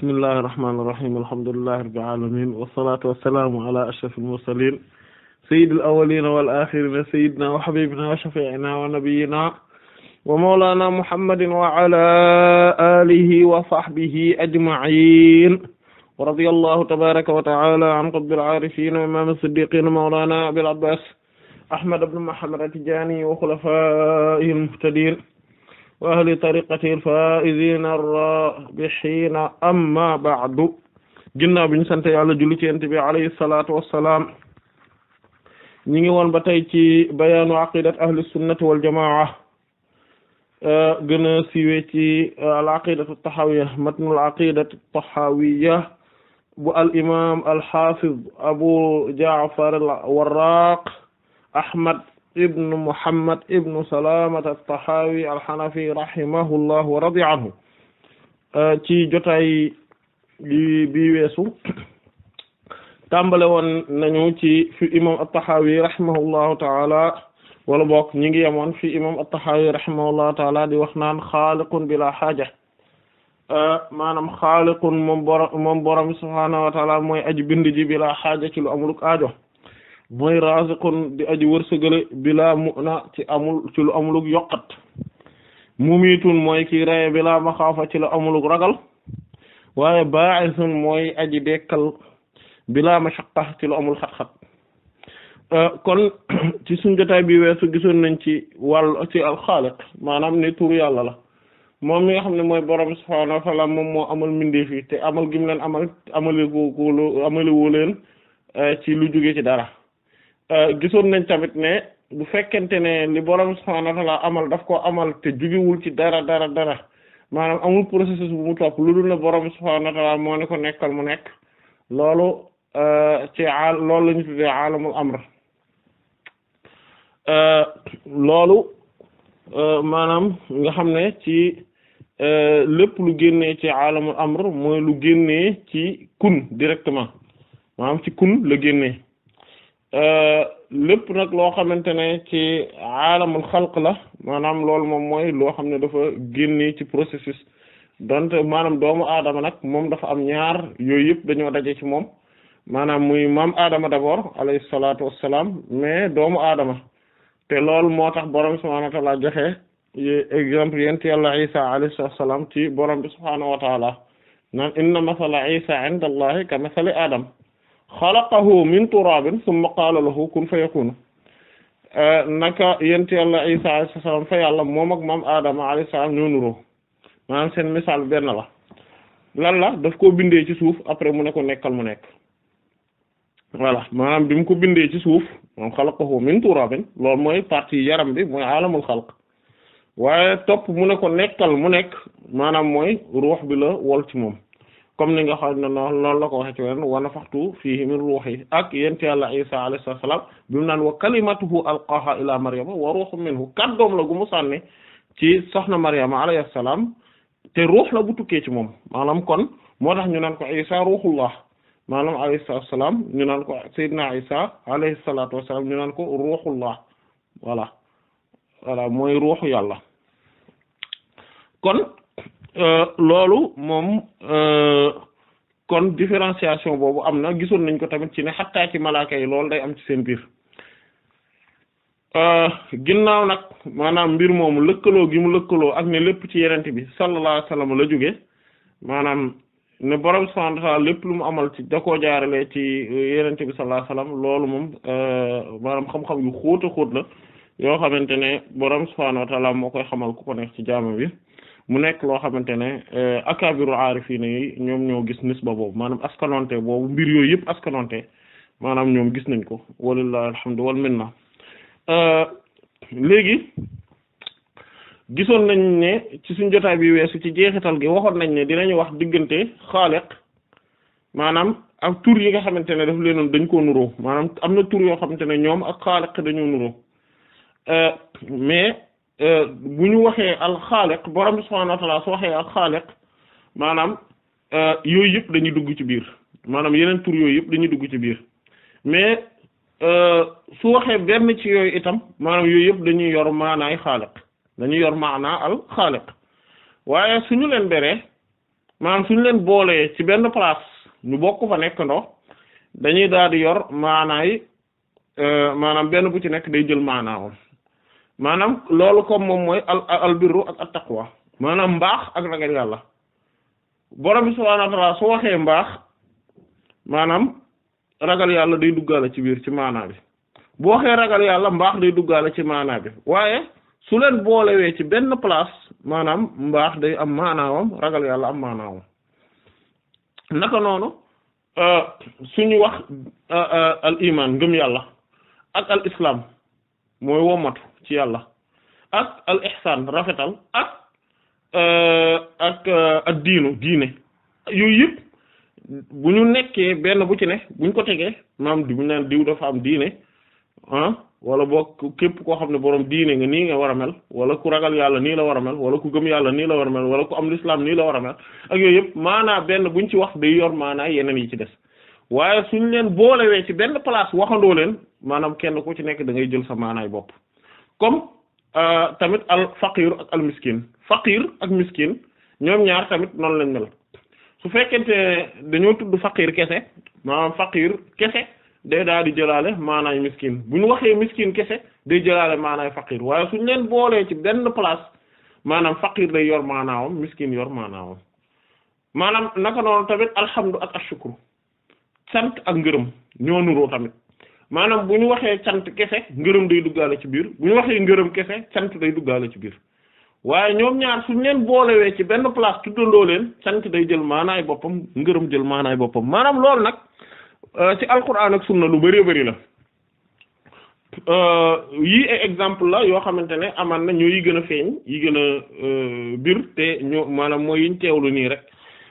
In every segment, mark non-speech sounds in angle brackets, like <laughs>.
بسم الله الرحمن الرحيم الحمد لله رب العالمين والصلاة والسلام على أشرف المرسلين سيد الأولين والآخرين سيدنا وحبيبنا وشفيعنا ونبينا ومولانا محمد وعلى آله وصحبه أجمعين ورضي الله تبارك وتعالى عن قطب العارفين وإمام الصديقين مولانا أبي العباس أحمد بن محمد التجاني وخلفائه المهتدين وأهل طريقته الفائزين الرابحين أما بعد جنا بن سنت يالله جلتي أنت بي عليه الصلاة والسلام نيجي وان بتاي تي بيان عقيدة أهل السنة والجماعة جنة آه، سويتي آه، العقيدة الطحاويه متن العقيدة الطحاويه بو الإمام الحافظ أبو جعفر الوراق أحمد ابن محمد ابن سلامة الطحاوي الحنفي رحمه الله ورضي عنه تي جتاي بي بي ويسو تامبالون نانيو تي في امام الطحاوي رحمه الله تعالى ولا نيجي نيغي يمون في امام الطحاوي رحمه الله تعالى دي وخنان خالق بلا حاجه ا مانام خالق مومبورم سبحانه وتعالى موي اجي بند بلا حاجه كي لو امولك moy raziqun di aji wërsëgale bila mu'na ci amul ci lu amul yuqat mumitun moy ki raye bila makhafa ci lu amul ragal waye ba'isun moy aji dekkal bila mashaqqa ci lu amul xat-xat kon ci sun jotaay bi wessu gisoon nañ ci wal ci al khaliq manam ne tour yàlla la mom nga xamne moy borom subhanahu wa ta'ala mom mo amal minde fi te amal gim len amal amale ko amale woo leen ci lu jóge ci dara Euh, gisoon nañ tamit ne bu fekkente ne li borom subhaanahu wa amal daf ko amal te jugiwul ci dara dara dara maanaam amul processus bu mu topp lu dul ne borom subhaanahu wa moo ne ko nekkal mu nekk loolu euh, ci a loolu la ñu tuddee aalamul amr euh, loolu maanaam nga xam ne ci lépp lu génnee ci aalamul amr mooy lu génnee ci kun directement maanaam ci kun la génnee Euh, lépp nag loo xamante ne ci aalamul xalq la maanaam loolu moom mooy loo xam ne dafa génne ci processus donte maanaam doomu aadama nag moom dafa am ñaar yooyu yëpp dañoo daje ci moom maanaam muy maam aadama d'abord alayhi salaatu wassalaam mais doomu aadama te loolu moo tax borom bi subhaanahu wa taala joxe exemple yent yàlla isa alayhi salaam ci borom bi subhaanahu wa taala naan inna masala isa inda allahi ka masali aadam xalaqahu min turabin summa qaala lahu kun fayakun naka yent yàlla isa salaam fa moom ak moom Adama alayhi salaam ñoo nuroo maanaam seen misaal benn la lan la daf koo bindee ci suuf après mu ne ko nekkal mu nekk voilà maanaam bi mu ko bindee ci suuf moom xalaqahu min turabin loolu mooy parti yaram bi mooy alamul xalq waaye topp mu ne ko nekkal mu nekk maanaam mooy ruux bi la wol ci moom comme ni nga xam ne noonu la ko waxee ci weneen wa nafaxtu fiihi min ruuhi ak yent yàlla isa alayhi salaam bi mu naan wa kalimatuhu alqaaha ila maryama wa ruuhun minhu kaddoom la gu mu sànni ci soxna maryama alayhi salaam te ruux la bu tukkee ci moom maanaam kon moo tax ñu naan ko isa ruuxullah maanaam alayhi salaam ñu naan ko sayyidina isa alayhi salaatu wassalaam ñu naan ko ruuxullah voilà voilà mooy ruuxu yàlla kon Euh, loolu moom euh, kon différenciation boobu am na gisoon nañ ko tamit ci ne xattaa ci malaaka yi loolu day am ci seen biir euh, ginnaaw nag maanaam mbir moomu lëkkaloo gi mu lëkkaloo ak ne lépp ci yenent bi sallallahu alayhi wa la jóge maanaam ne borom subhanahu wa ta'ala lépp lu mu amal ci da koo ci yenent bi sallallahu alayhi loolu moom maanaam xam-xam yu xóot a xóot la yoo xamante ne borom subhanahu wa moo koy xamal ku ko ci jaamam bi mu nekk loo xamante ne euh, akabiru aarifina yi ñoom ñoo gis nisba boobu maanaam askanonte boobu mbir yooyu yëpp askanonte maanaam ñoom gis nañ ko walillahi alhamdu wal minna euh, léegi gisoon nañ ne ci suñ jotaay bi weesu ci jeexital gi waxoon nañ ne dinañu wax diggante xaaliq maanaam ak tur yi nga xamante ne daf leenoon dañ koo nuroo maanaam am na tur yoo xamante ne ñoom ak xaaliq dañoo nuroo euh, mais Euh, bu ñu waxee alxaaliq borom bi subhaanahu wa ta'aala su waxee alxaaliq maanaam euh, yooyu yëpp dañuy dugg ci biir maanaam yeneen tur yooyu yëpp dañuy dugg ci biir mais euh, su waxee benn ci yooyu itam maanaam yooyu yëpp dañuy yor maanaay xaaliq dañuy yor maanaa al xaaliq waaye suñu leen beree maanaam suñu leen boolee ci benn place ñu bokk fa nekk ndox dañuy daal di yor maanaay maanaam benn bu ci nekk day jël maanaawam maanaam loolu comme moom mooy al albirru ak at taqwa maanaam mbaax ak ragal yàlla borom bi su waxee mbaax maanaam ragal yàlla day duggaale ci biir ci maanaa bi bu waxee ragal yàlla mbaax day duggaale ci maanaa bi waaye su leen boolewee ci benn place maanaam mbaax day am maanaawam ragal yàlla am maanaawam naka noonu euh, suñu wax euh, euh, al imaan ngëm yàlla ak al islam mooy womatu ci yàlla ak al rafetal ak euh, ak euh, ak diinu diine yooyu yëpp bu ñu nekkee benn bu ci ne ñu ko tegee maam di bu naan diw dafa am diine ah wala boog képp koo xam ne borom diine nga nii nga war a mel wala ku ragal yàlla nii la war a wala ku gëm yàlla nii la war a mel wala ku am lislaam nii la war a mel ak yooyu yëpp maanaa benn buñ ci wax day yor maanaa yeneen yi ci des waaye suñ leen boolewee ci benn place waxandoo leen maanaam kenn ku ci nekk da ngay jël sa maanaay bopp comme euh, tamit al faqir ak al miskin faqir ak miskin ñoom ñaar tamit noonu lañ mel su fekkente dañoo tudd faqir kese maanaam faqir kese day daal di jëlaale maanaay miskin bu ñu waxee miskin kese day jëlaale maanaay faqiir waaye suñ leen boolee ci benn place maanaam faqir day yor maanaawam miskin yor maanaawam maanaam naka noonu tamit alhamdu ak ashukru sant ak ngërëm ñoo nuroo tamit maanaam bu ñu waxee cant kese ngërëm day duggaale ci biir bu ñu waxee ngërëm kese cant day duggaale ci biir waaye ñoom ñaar suñ leen boolewee ci benn place tuddandoo leen cant day jël maanaay boppam ngërëm jël maanaay boppam maanaam lool nag euh, ci alquran ak sunna lu bëree bari la euh, yii ay exemple la yoo xamante ne amaan na ñoo yi gën a feeñ yi gën a euh, bir te ñoo maanaam mooy yiñ teewlu nii rek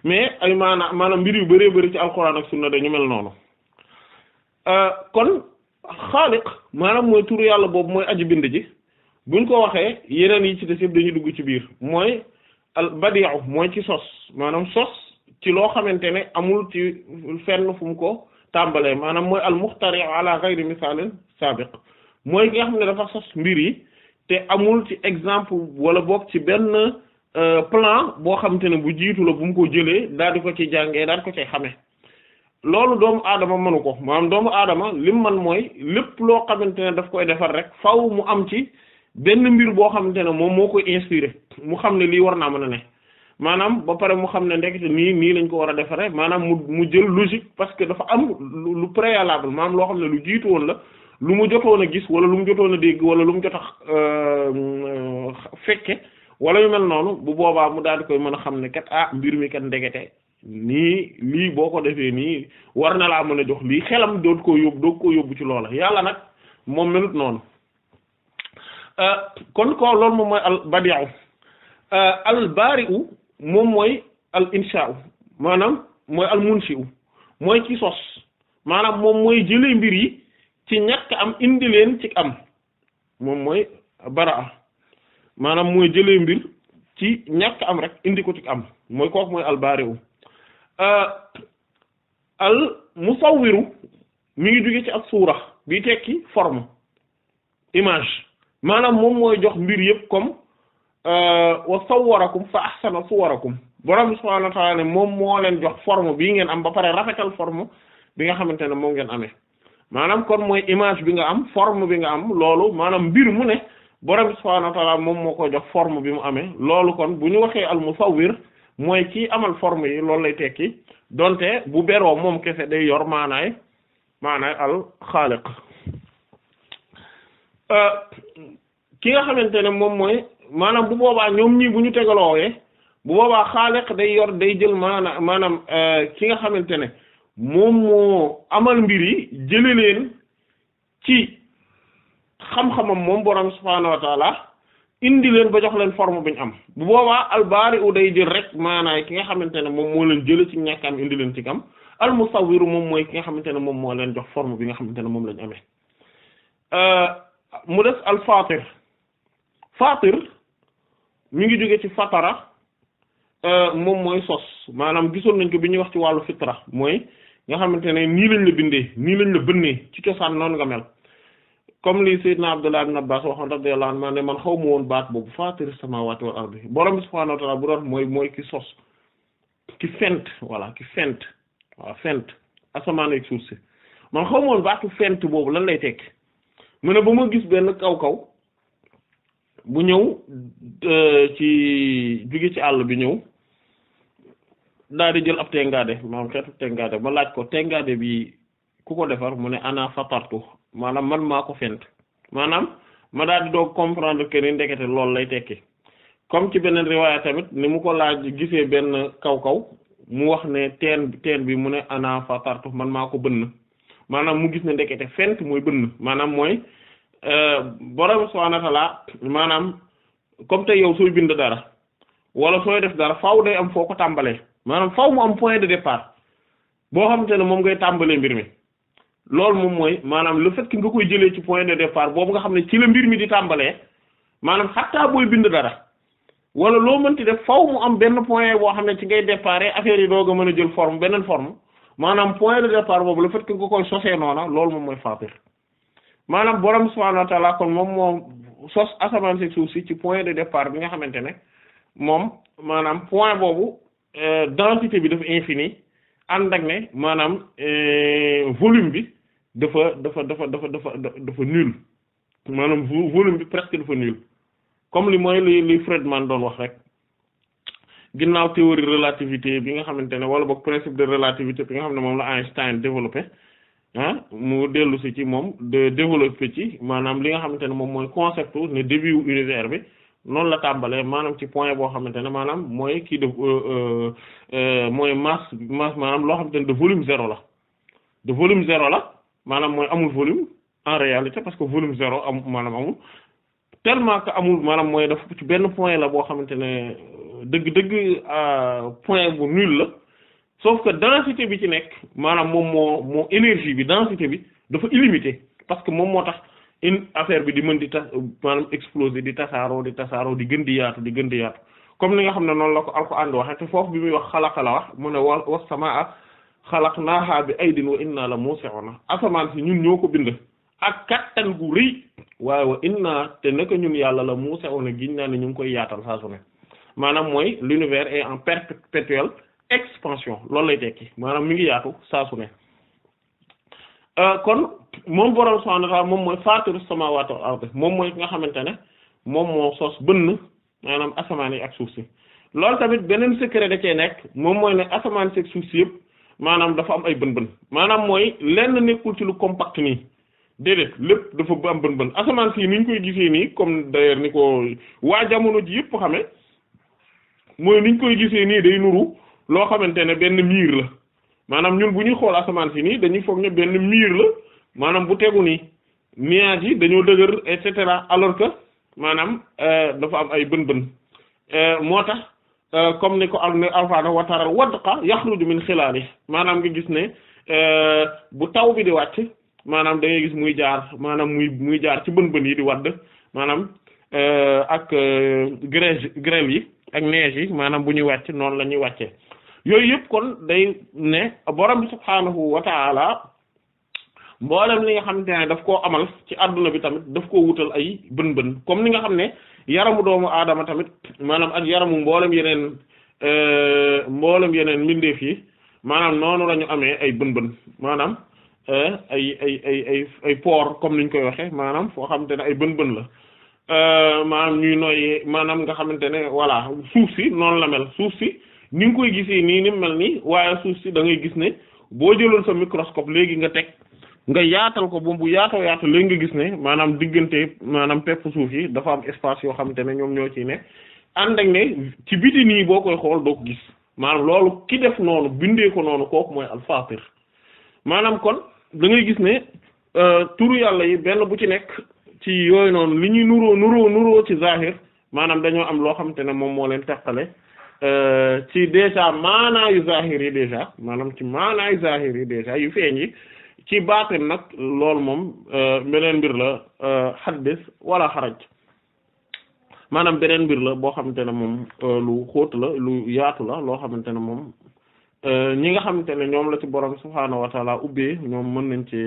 mais ay maanaam maanaam mbir yu bëree bari ci alquran ak sunna dañu mel noonu Euh, kon xaaliq maanaam mooy turu yàlla boobu mooy aji bind ji buñ ko waxee yeneen yi ci des yëpp dañuy dugg ci biir mooy al badi'u mooy ci sos maanaam sos ci loo xamante ne amul ci fenn fu ko tàmbalee maanaam mooy al muxtari ala ghayri misalin sabiq mooy ki nga xam ne dafa sos mbir yi te amul ci exemple wala boog ci benn euh, plan boo xamante ne bu jiitu la bu mu ko jëlee daal di ko ci jàngee daal ko ci xamee loolu doomu aadama mënu ko maanaam doomu aadama lim man mooy lépp loo xamante ne daf koy defar rek faw mu am ci benn mbir boo xamante ne moom moo koy inspiré mu xam ne lii war naa mën a ne maanaam ba pare mu xam ne ndekete nii nii lañ ko war a defaree maanaam mu mu jël logique parce que dafa am lu préalable maanaam loo xam ne lu jiitu woon la lu mu jotoon a gis wala lu mu jotoon a dégg wala lu mu jot a euh, fekke wala yu mel noonu bu boobaa mu daal di koy mën a xam ne kat ah mbir mi kat ndekete nii lii boo ko defee nii war na laa mën a jox lii xelam doot ko yóbbu koo yóbbu ci loola yàlla nag moom melut noonu euh, kon ko loolu moom mooy al badi'u euh, al bari'u moom mooy al insha'u maanaam mooy al munshi'u mooy ci sos maanaam moom mooy jëlee mbir yi ci ñàkk am indi leen ci am moom mooy baraa maanaam mooy jële mbir ci ñàkk am rek indi ko ci am mooy kooku mooy al bari'u Euh, al musawwiru mi ngi jóge ci ab suura bi tekki form image maanaam moom mooy jox mbir yëpp comme euh, wa sawwarakum fa ahsana suwarakum borom subhaanahu wa ta'aala ne moom moo leen jox forme bii ngeen am ba pare rafetal forme bi nga xamante ne moom ngeen amee maanaam kon mooy image bi nga am forme bi nga am loolu maanaam mbir mu ne borom subhaanahu moom moo ko jox forme bi mu amee loolu kon bu ñu waxee al musawwir mooy kii amal forme yi loolu lay tekki donte bu beroo moom kese day yor maanaay maanaay al xaaliq euh, ki nga xamante ne moom mooy maanaam bu boobaa ñoom ñii bu ñu tegaloowee bu boobaa xaaliq day yor day jël maanaam maanaam euh, ki nga xamante ne moom moo amal mbir yi jële leen ci xam-xamam moom borom subhaanahu wa indi leen ba jox leen forme bi ñu am bu boobaa albaari u day jël rek maanaam ki nga xamante ne moom moo leen jële ci ñàkk am indi leen ci am al musawwiru moom mooy ki nga xamante ne moom moo leen jox forme bi nga xamante ne moom lañ amee euh, mu des al fatir ñu ngi jóge ci fatara euh, moom mooy sos maanaam gisoon nañ ko bi ñuy wax ci wàllu fitra mooy nga xamante ne nii lañ la bindee nii lañ la bënnee ci cosaan noonu nga mel comme lii Seydina Abdullah ibn Abbas waxoon radiyallahu anhu ne man xaw ma woon baat boobu faatiris samaawaati wal ardi borom subhaanahu wa ta'aala bu doon mooy mooy ki sos ki fent voilà ki man xaw ma baatu fent boobu lan lay tekki mu ne ba ma gis benn kaw kaw bu ñëw ci jóge ci àll bi ñëw daal di jël ab tengaade maanaam xeetu tengaade ma laaj ko tengaade bi ku ko defar mu ne ana fatartu maanaam man maa ko fent maanaam ma daal di doog comprendre que ni ndekete loolu lay tekki comme ci beneen riwaaya tamit ni mu ko laaj gisee benn kaw-kaw mu wax ne teen teen bi mu ne ana fatartu man maa ko bënn maanaam mu gis ne ndekete fent mooy bënn maanaam mooy euh, borom subhaanahu wa ta'aala maanaam comme tey yow sooy bind dara wala sooy def dara faaw day am foo ko tàmbalee maanaam faaw mu am point de départ boo xamante ne moom ngay tàmbalee mbir mi loolu moom mooy maanaam le fait que nga koy jëlee ci point de départ boobu nga xam ne ci la mbir mi di tàmbalee maanaam xattaa booy bind dara wala loo mënti def faw mu am benn point boo xam ne ci ngay départ affaire yi a mën a jël forme beneen forme maanaam point de départ boobu le fait que nga koy sosee noona loolu moom mooy faatir maanaam borom subhaanahu wa ta'aala kon moom moom sos asamaan si suuf si ci point de départ bi nga xamante ne moom maanaam point boobu euh, densité bi dafa infini ànd ak ne maanaam euh, volume bi. dafa dafa dafa dafa dafa dafa nul maanaam volume bi presque dafa nul comme li mooy li li Friedman doon wax rek ginnaaw théorie relativité bi nga xamante ne wala boo principe de relativité bi nga xam ne moom la Einstein développé ah mu dellu si ci moom de développé ci maanaam li nga xamante ne moom mooy concept ne début univers bi noonu la tàmbalee maanaam ci point boo xamante ne maanaam mooy kii de euh, euh, euh, mooy masse masse maanaam loo xamante ne de volume zéro la de volume la maanaam mooy amul volume en réalité parce que volume zéro am maanaam amul tellement que amul maanaam mooy daf benn point la boo xamante ne dëgg-dëgg euh, euh, point bu nul la sauf que densité bi ci nekk maanaam moom moo moo énergie bi densité bi dafa illimité parce que moom moo tax une affaire bi di mën di tas euh, maanaam exploser di tasaaroo di tasaaroo di gën di yaatu di gën di yaatu comme ni nga xam ne noonu la ko Alxuraan di waxee te bi muy wax xalaqa la wax mu ne wa was samaa xalaqnaahaa bi aydin wa innaa la na asamaan si ñun ñoo ko bind ak kattan gu rëy waaye wa innaa te naka ñun yàlla la muusi'uuna giñ naa ne ñu koy yaatal saa su ne maanaam mooy l'univers est en perpétuelle expansion loolu lay tekki maanaam mi ngi yaatu saa euh, kon moom boroom subhaanahu wa moom mooy faatiru samaawaati wal moom mooy ki nga xamante ne moom moo sos bënn maanaam asamaan yi ak suuf si loolu tamit beneen secret da cee nekk moom mooy ne asamaan si ak suuf si yëpp maanaam dafa am ay bën-bën maanaam mooy lenn nekkul ci lu compact nii déedéet lépp dafa am bën-bën asamaan si ni ñu koy gisee nii comme ko waa jamono ji yëpp xamee mooy ni ñu koy gisee nii day nuru loo xamante ne benn miir la maanaam ñun bu ñuy xool asamaan si nii dañuy foog ne benn miir la maanaam bu tegu nii nuages yi dañoo dëgër et cetera alors que maanaam euh, dafa am ay bën-bën euh, moo tax. Euh, comme ni ko am alfaana wa taral wadqa yaxruju min xilaali maanaam nga gis ne euh, bu taw bi di wàcc maanaam da gis muy jaar maanaam muy muy jaar ci bën bën yi di wadd maanaam euh, ak grêle grêle yi ak neige yi maanaam bu ñuy wàcc noonu la ñuy wàccee yooyu yëpp kon day ne borom bi subhaanahu wa taala mboolem li nga xamante ne daf koo amal ci àdduna bi tamit daf koo wutal ay bën bën comme ni nga xam ne yaramu doomu aadama tamit maanaam ak yaramu mboolem yeneen euh, mboolem yeneen mbindeef yi maanaam noonu la ñu amee ay bën-bën maanaam euh, ay ay ay ay ay pores comme ni ñu koy waxee maanaam foo xamante ne ay bën-bën la euh, maanaam ñuy noyyi maanaam nga xamante ne voilà suuf si noonu la mel suuf si ni nga koy gisee nii ni mu mel nii waaye suuf si da ngay gis ne boo jëloon sa microscope léegi nga teg nga yaatal ko ba bu yaatoo yaatal léegi nga gis ne maanaam diggante maanaam pepp suuf yi dafa am espace yoo xamante ne ñoom ñoo ci ne ànd ak ne ci biti nii boo koy xool doo ko gis maanaam loolu def noonu bindee ko noonu kooku mooy alfatir maanaam kon da ngay gis ne euh, turu yàlla yi benn bu ci nekk ci yooyu noonu li ñuy nuroo nuroo nuroo ci zahir maanaam dañoo am loo xamante ne moom moo leen teqale euh, ci déjà maanaayu zahir yi déjà maanaam ci maanaayu zahir yi déjà yu feeñ yi ci baatin nag lool moom euh, beneen mbir la xaddis euh, wala xaraj maanaam beneen mbir la boo xamante ne moom euh, lu xóot la lu yaatu la loo xamante ne moom ñi nga xamante ne ñoom la ci borom subhaanahu wa taala ubbee ñoom mën nañ ci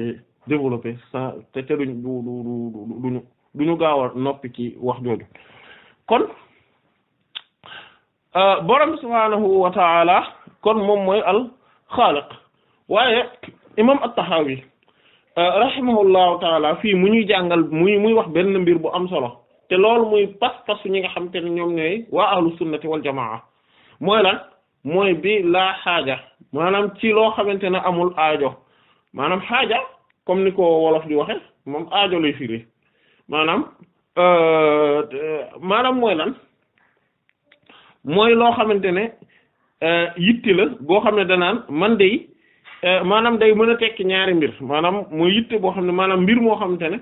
développer sans te te duñ du ñu du gaaw a noppi ci wax jooju kon borom subhaanahu wa kon moom mooy al waaye imam at-Tahawi euh, rahimahullahu taala fii mu ñuy jàngal muy muy wax benn mbir bu am solo te loolu muy pas-pasu ñi nga xam te ne ñoom ñooy waa ahlu sunnati wal jamaa mooy lan bi laa xaaja maanaam ci loo xamante ne amul aajo maanaam xaaja comme ni ko wolof di waxe moom aajo lay firi maanaam euh, maanaam mooy lan loo xamante ne euh, yitti la boo xam danaan man de manam day mën tek ñaari mbir manam mo yitte bo xamné manam mbir mo xamante ne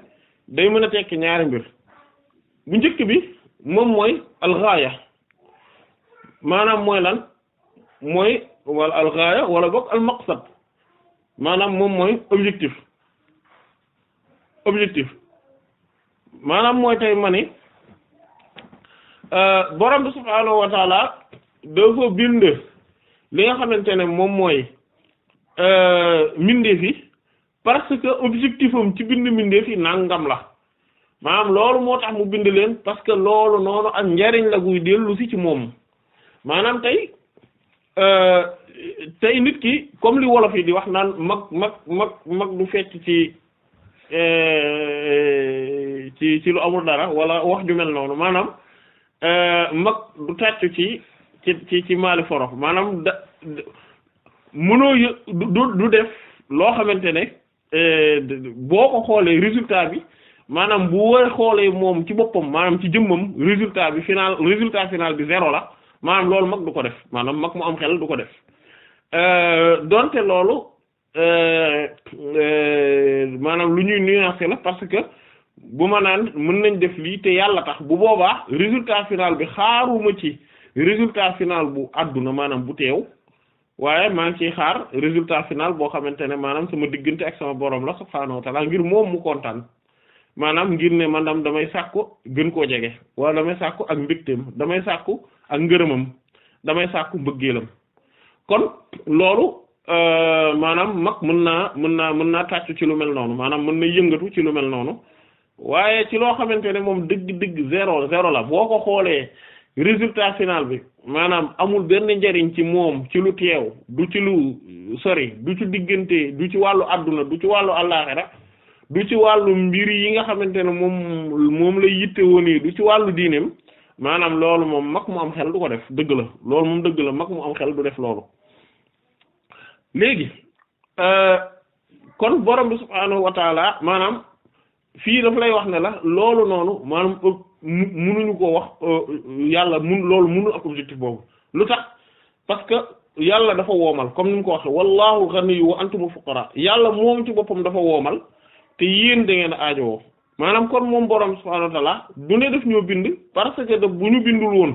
day mën tek ñaari mbir bu njëkk bi mom moy al alxaaya manam moy lan moy wal al alxaaya wala bok al maqsad manam mom moy objectif objectif manam moy tay mané euh borom subhanahu wa taala dafa bind li nga xamantene mom moy Euh, mbindeef yi parce que objectif ci bind mbindeef yi nangam la maanaam loolu moo tax mu bind leen parce que loolu noonu ak njariñ la guy dellu si ci moom maanaam tey euh, tey nit ki comme li wolof yi di wax naan mag mag mag mag du fecc ci euh, ci ci lu amul dara wala wax ju mel noonu maanaam mag du tàccu ci ci ci maali forof maanaam mënoo yë du du def loo xamante ne euh, boo ko xoolee résultat bi maanaam bu war xoolee moom ci boppam maanaam ci jëmmam résultat bi final résultat final bi zéro la maanaam loolu mag du ko def maanaam mag mu am xel du ko def euh, donte loolu euh, maanaam lu ñuy nuancer la parce que bu ma naan mën nañ def lii te yàlla tax bu boobaa résultat final bi xaaruma ci résultat final bu àdduna maanaam bu teew waaye maa ngi ciy xaar résultat final boo xamante ne maanaam sama diggante ak sama borom la subhaanahu wa taala ngir moom mu kontaan maanaam ngir ne man dam damay sàkku gën koo jege wala damay sàkku ak mbégteem damay sàkku ak ngërëmam damay sàkku mbëggeelam kon loolu euh, maanaam mag mën naa mën naa mën naa tàccu ci lu mel noonu maanaam mën na yëngatu ci lu mel noonu waaye ci loo xamante ne moom dëgg-dëgg zéro zéro la boo ko xoolee résultat final bi maanaam amul benn njariñ ci moom ci lu teew du ci lu sori du ci diggante du ci wàllu àdduna du ci wàllu àllaaxira du ci wàllu mbir yi nga xamante ne moom moom lay yitte woon yi du ci wàllu diineem maanaam loolu moom mag mu am xel du ko def dëgg la loolu moom dëgg la mag mu am xel du def loolu léegi euh, kon borom bi subhaanahu wa maanaam fii daf lay wax ne la loolu noonu maanaam munuñu ko wax euh, yàlla mun loolu munul ak objectif boobu lu tax parce que yàlla dafa woomal comme ni mu ko waxee wallahu ghaniyyu wa antumul fuqara yàlla moom ci boppam dafa woomal te yéen da ngeen aajowoo maanaam kon moom borom subhaanahu wa la du ne def ñoo bind parce que daf bu ñu bindul woon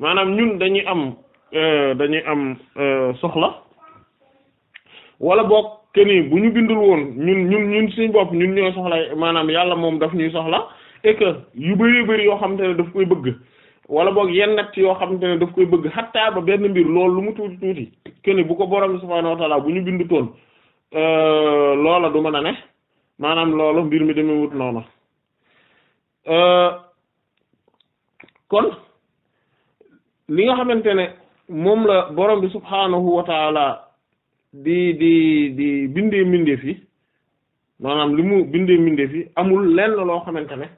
maanaam ñun dañuy am euh, dañuy am euh, soxla wala boog que bu ñu bindul woon ñun ñun ñun suñ bopp ñun ñooy soxla maanaam yàlla moom daf ñuy soxla. et que yu bari bari yoo xamante ne daf koy bëgg wala boog yenn natt yoo xamante ne daf koy bëgg xattaa ba benn mbir loolu lu mu tuuti tuuti kenn bu ko borom subhaanahu wa ta'ala bu ñu bindu toon euh, loola du mën a ne maanaam loolu mbir mi demee wut noonu euh, kon li nga xamante ne moom la borom bi subhaanahu wa ta'ala di di di bindee mbindeef fi maanaam li mu bindee mbindeef yi amul lenn loo xamante ne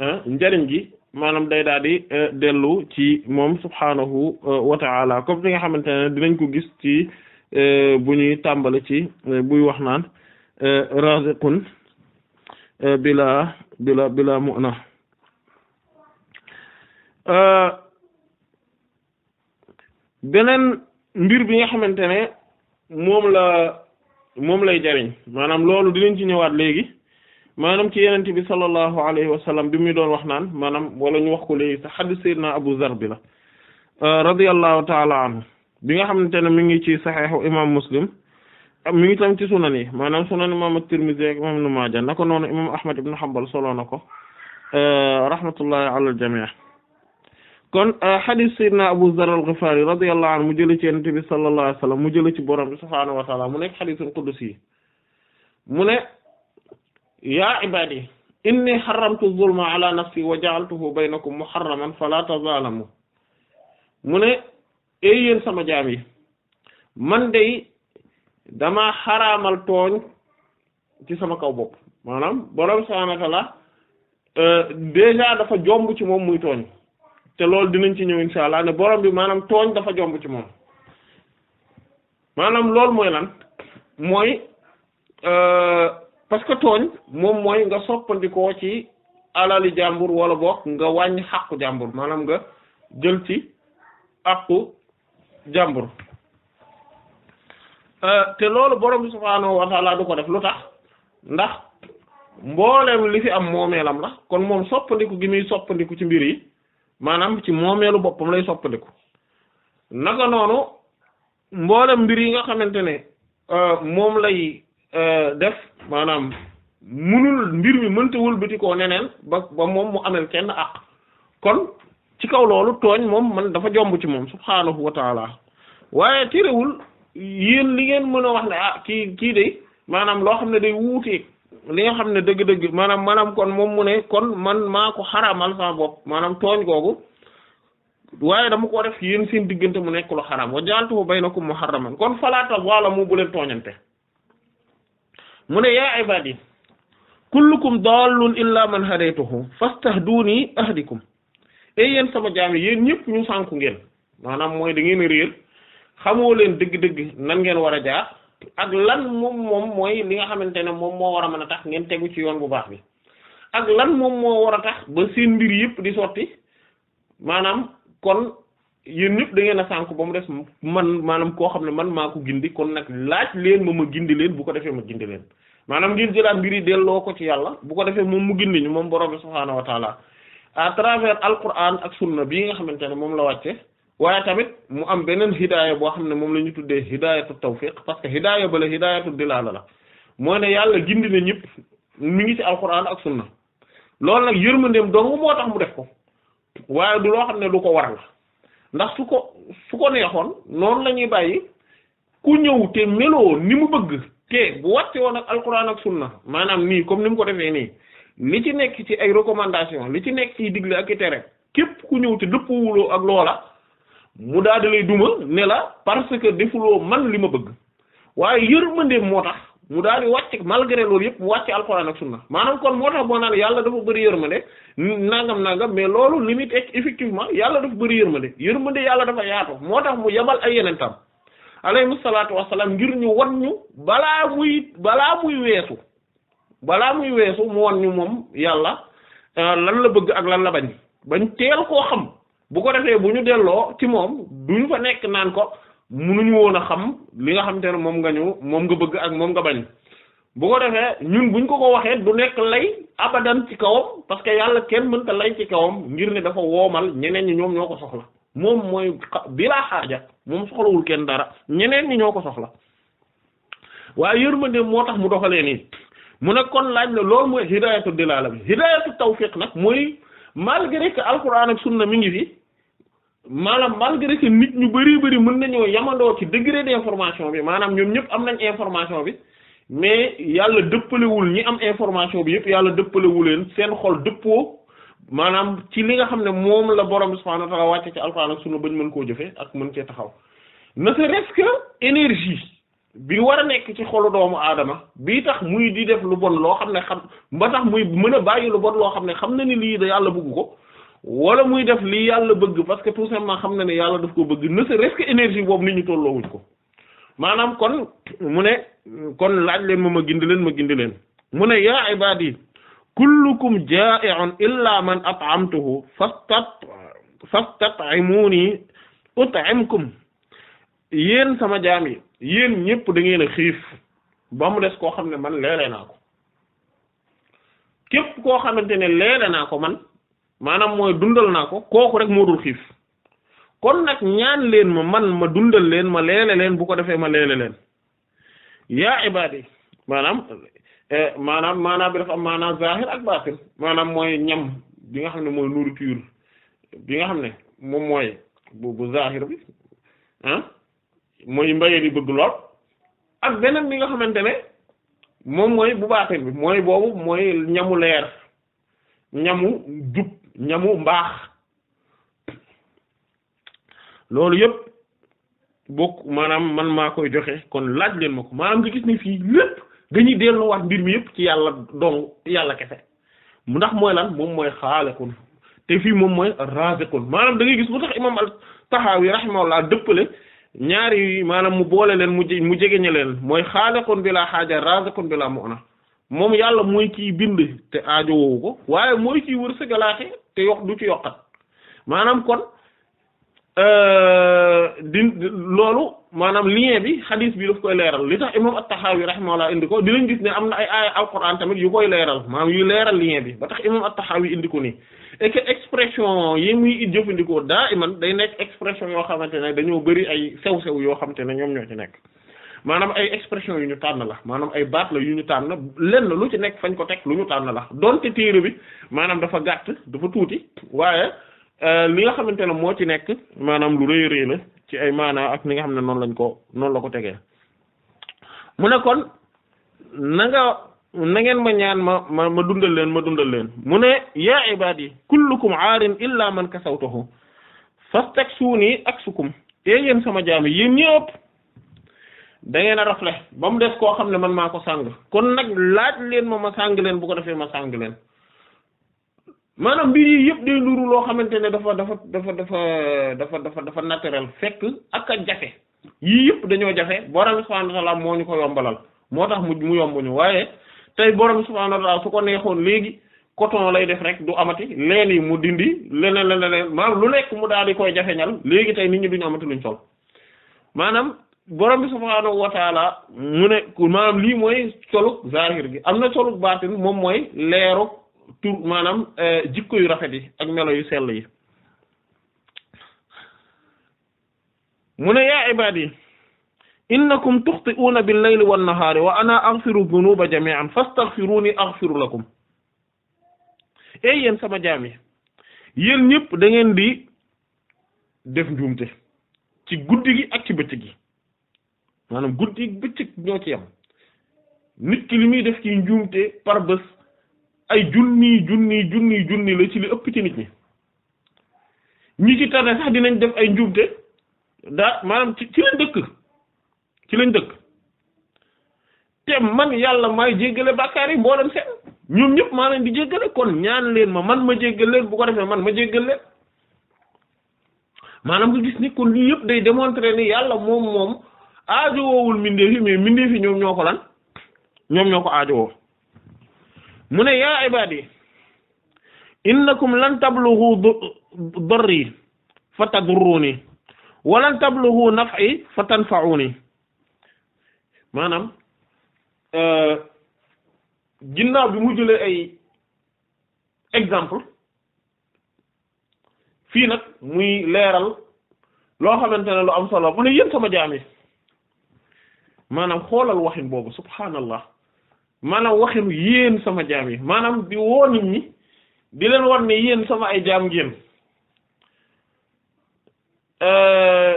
Ah, njariñ gi maanaam day daal di eh, dellu ci moom subhaanahu eh, wa ta'ala comme li nga xamante ne dinañ ko gis ci eh, bu ñuy tàmbale ci buy wax naan raziqun bila bila mu na beneen mbir bi nga xamante ne moom la moom lay jariñ maanaam loolu dinañ ci ñëwaat léegi maanaam ci yenent bi sallallahu alayhi wa bi muy doon wax naan maanaam wala ñu wax ko léegi sax xadis sayyidina Abu Zar bi la euh, radiyallahu taala anhu bi nga xamante ne mi ngi ci saxiixu imam Muslim mi ngi tam ci sunan yi maanaam sunan imam at-Tirmidhi ak imam Ibn Maaja naka noonu imam Ahmad ibn Hanbal solo na ko euh, rahmatullahi ala al-jamii kon euh, xadis sayyidina Abu Zar al-Ghifari radiyallahu anhu mu jële ci yenent bi sallallahu alayhi mu jële ci borom bi subhaanahu wa taala mu nekk xadisul qudsi mu ne yaa ibadi inni xaramtu zulma ala nafsi wa ja'altuhu baynakum muharraman fala tazalamu mu ne ey yéen sama jaam yi man day dama xaraamal tooñ ci sama kaw bopp maanaam borom subhaanahu wa ta'aala euh, dafa jomb ci moom muy tooñ te loolu dinañ ci ñëw insha ne borom bi maanaam tooñ dafa jomb ci moom maanaam loolu mooy lan mooy euh, parce que tooñ moom mooy nga soppandikoo ci alali jàmbur wala bokk nga wàññi xàqu jàmbur maanaam nga jël ci àqu jàmbur euh, te loolu borom bi subhaanahu wa taala ko def lu tax ndax mbooleem li fi am moomeelam la kon moom soppandiku gi muy soppandiku ci mbir yi maanaam ci moomeelu boppam lay soppandiku naka noonu mboolem mbir yi nga xamante ne euh, moom lay Euh, def maanaam munul mbir mi mënta wëlbati koo neneen ba moom mu amel kenn àq kon ci kaw loolu tooñ moom man dafa jomb ci moom subhaanahu wa taala waaye terewul yéen li ngeen mën a wax ne ah kii kii de maanaam loo xam ne day wuuteeg li nga xam ne dëgg-dëgg maanaam maanaam kon moom mu ne kon man maa ko xaraamal sama bopp maanaam tooñ googu waaye dama koo def yéen seen diggante mu nekk lu xaraam wa jaaltuhu baynakum muharraman kon falaa tazalamu bu leen tooñante mu ne yaa ibadi kullukum dallun illa man hadaytuhu fastahduni ahdikum et eh, yéen sama jaam yi yéen ñëpp ñu sànku ngeen maanaam mooy da ngeen a réer xamoo leen dëgg-dëgg nan ngeen war a jaar ak lan moom moom mooy li nga xamante ne moom moo war a mën a tax ngeen tegu ci yoon bu baax bi ak lan moom moo war a tax ba seen mbir yëpp di sotti maanaam kon yéen ñëpp da ngeen a sànk ba mu des man maanaam koo xam ne man maa ko gindi kon nag laaj leen ma ma gindi leen bu ko defee ma gindi leen maanaam ngir jëlaat mbir yi delloo ko ci yàlla bu ko defee moom mu gindi ñu moom borom bi subhaanahu wa taala à travers alquran ak sunna bii nga xamante ne moom la wàcce waaye tamit mu am beneen hidaaya boo xam ne moom la ñu tuddee hidaayatu tawfiq parce que hidaaya bala hidaayatu dilaala la mooy ne yàlla gindi na ñëpp mi ngi ci alquran ak sunna loolu nag yërmandeem dong moo tax mu def ko waaye ne du ko war ndax su ko su ko neexoon noonu la ñuy bàyyi ku ñëw te meloo ni mu bëgg te bu wàcce woon ak alquran ak sunna maanaam nii comme ni mu ko defee nii li ci nekk ci ay recommandation li ci nekk ciy digle ak i tere képp ku ñëw te dëppwuloo ak loola mu daal di lay duma ne la parce que defuloo man li ma bëgg waaye yërmande moo tax mu daal di wàcc malgré loolu yëpp mu wàcc alxuraan ak sunna maanaam kon moo tax boo naan yàlla dafa bëri yërmande nangam nangam mais loolu limite ek effectivement yàlla dafa bëri ma yërmande yàlla dafa yaatu moo tax mu yebal ay yenentam alayhi salaatu wassalaam ngir ñu wan ñu balaa muy balaa muy weesu balaa muy weesu mu wan ñu moom yàlla euh, lan la bëgg ak lan la bañ bañ teel koo xam bu ko defee bu ñu delloo ci moom du ñu fa nekk naan ko munuñu woon a xam li nga xam te ne moom nga ñëw moom nga bëgg ak moom nga bañ bu ko defee ñun buñ ko ko waxee du nekk lay abadan ci kawam parce que yàlla kenn mënta lay ci kawam ngir ne dafa woomal ñeneen ñi ñoom ñoo ko soxla moom mooy bilaa xaaja moom soxlawul kenn dara ñeneen ñi ñoo ko soxla waaye yërmande moo tax mu doxalee nii mu ne kon laaj la loolu mooy hidayatu dilala bi hidayatu tawfiq nag mooy malgré que alquran ak sunna mi ngi fi maanaam malgré que nit ñu bari bëri mën nañoo yamandoo ci degré information bi maanaam ñoom ñëpp am nañ information bi mais yàlla dëppalewul ñi am information bi yëpp yàlla dëppalewu leen seen xol dëppoo maanaam ci li nga xam ne moom la borom subhanahu wa ta'ala wàcce ci alxuraan ak sunna bañ mën koo jëfe ak mën cee taxaw na serait-ce que énergie bi war a nekk ci xolu doomu aadama bii tax muy di def lu bon loo xam ne xam ba tax muy mën a bàyyi lu bon xam ne xam na ni lii da yàlla bëgg ko wala muy def lii yàlla bëgg parce que tout simplement xam na ne yàlla daf ko bëgg ne serait énergie boobu nit ñu tolloowuñ ko maanaam kon mu ne kon laaj leen ma ma gindi leen ma gindi leen mu ne yaa ibadi kullukum ja'i'un illa man at'amtuhu fastat fastat'imuni ut'imkum yéen sama jaam yi yéen ñépp da ngeen a xiif ba mu des koo xam ne man leele naa ko képp koo xamante ne leele naa ko man maanaam mooy dundal naa ko kooku rek moo dul xiif kon nag ñaan leen ma man ma dundal leen ma leele leen bu ko defee ma leele leen yaa yi maanaam eh, maanaam maanaam bi maanaam zahir ak baatin maanaam mooy ñam bi nga xam ne mooy nourriture bi nga xam ne moom mooy bu bu zahir ah, mooy mbayee di bëgg ak beneen bi nga xamante ne moom mooy bu baatin bi mooy boobu mooy ñamu leer ñamu jub ñamu mbaax loolu yëpp bokk maanaam man maa koy joxe kon laaj leen ma ko maanaam nga gis ne fii lépp dañuy delluwaat mbir mi yëpp ci yàlla dong yàlla kese ndax mooy lan moom mooy xaalekun te fii moom mooy razikun maanaam da ngay gis lu tax imam al-Tahawi laa dëppale ñaari maanaam mu boole leen mu mu jegeñe leen mooy xaalekun bi laa xaaja razikun bi laa mu'na moom yàlla mooy kii bind te aajo woowu ko waaye mooy kiy wërsëgalaate te yokk du ci yokkat maanaam kon euh, di loolu maanaam lien bi xadiis bi daf koy leeral li tax imam at-Tahawi rahimahullah indi ko dinañ gis ne am na ay aaya alquran tamit yu koy leeral maanaam yu leeral lien bi ba tax imam at-Tahawi indi ko nii et que expression yi muy jëfandikoo daa iman day nekk expression yoo xamante ne dañoo bari ay sew-sew yoo xamante ne ñoom ñoo ci nekk maanaam ay expression yu ñu tànn la maanaam ay baat la yu ñu tànn lenn lu ci nekk fañ ko teg lu ñu tànn la doon donte téere bi maanaam dafa gàtt dafa tuuti waaye euh, li nga xamante ne moo ci nekk maanaam lu rëy rëy la ci ay maanaa ak ni nga xam ne noonu lañ ko noonu la ko tegee mu ne kon na nga na ngeen ma ñaan ma ma ma dundal leen ma dundal leen mu ne yaa ibadi kullukum aarin illa man kasawtahu fastaksuuni aksukum te yéen sama jaam yéen ñëpp da ngeen a rafle ba mu des koo xam ne man maa ko sàng kon nag laaj leen ma ma sàng leen bu ko defee ma sàng leen maanaam mbir yi yëpp day nuru loo xamante ne dafa dafa dafa dafa dafa dafa dafa naturel fekk ak a jafe yii yëpp dañoo jafe borom bi subhaanahu wa moo ñu ko yombalal moo tax mu mu yomb ñu waaye tey borom bi subhaanahu wa ta'aala su ko neexoon léegi coton lay def rek du amati leen yi mu dindi leneen leneen maanaam lu lekk mu daal di koy jafeñal léegi tey nit ñi duñu amati luñ sol borom bi subhaanahu mu ne maanaam lii mooy colug zahir gi am na colug baatin moom mooy leeru tur maanaam eh, jikko yu rafet yi ak melo yu sell yi mu ne yaa ibadi innakum tuxti'uuna bil layli wan nahaari wa ana aghfiru dhunuba jami'an fastaghfiruni aghfiru lakum ey yéen sama jaam yi yéen ñëpp di def njuumte ci guddi gi ak ci bëccëg gi maanaam guddi bëccëg ñoo ci yam nit ki li muy def ci njuumte par bés ay junni junni junni junni la ci li ëpp ci nit ñi ñi ci tane sax dinañ def ay njuumte daa maanaam ci ci lañ dëkk ci lañ dëkk te man yàlla maay jéggale bàkkaar yi mboolem seen ñoom ñëpp maa leen di jéggale kon ñaan leen ma man ma jéggal leen bu ko defee man ma jéggal leen maanaam nga gis ni kon lii yëpp day démontrer ni yàlla moom moom aajowoowul mindeefi mais mindeefi ñoom ñoo ko lan ñoom ñooko ko mu ne yaa ibaadi innakum lan tablughu darri fa tadurruni wa lan tablughu naf'i fa tanfa'uni maanaam euh, ginnaaw bi mu jëlee ay exemple fii nag muy leeral loo xamante ne lu am solo mu ne sama jaam maanaam xoolal waxin boobu subhaanallah maanaam waxinu yéen sama jaam yi maanaam di woo nit ñi di leen war ne yéen sama ay jaam ngeen euh,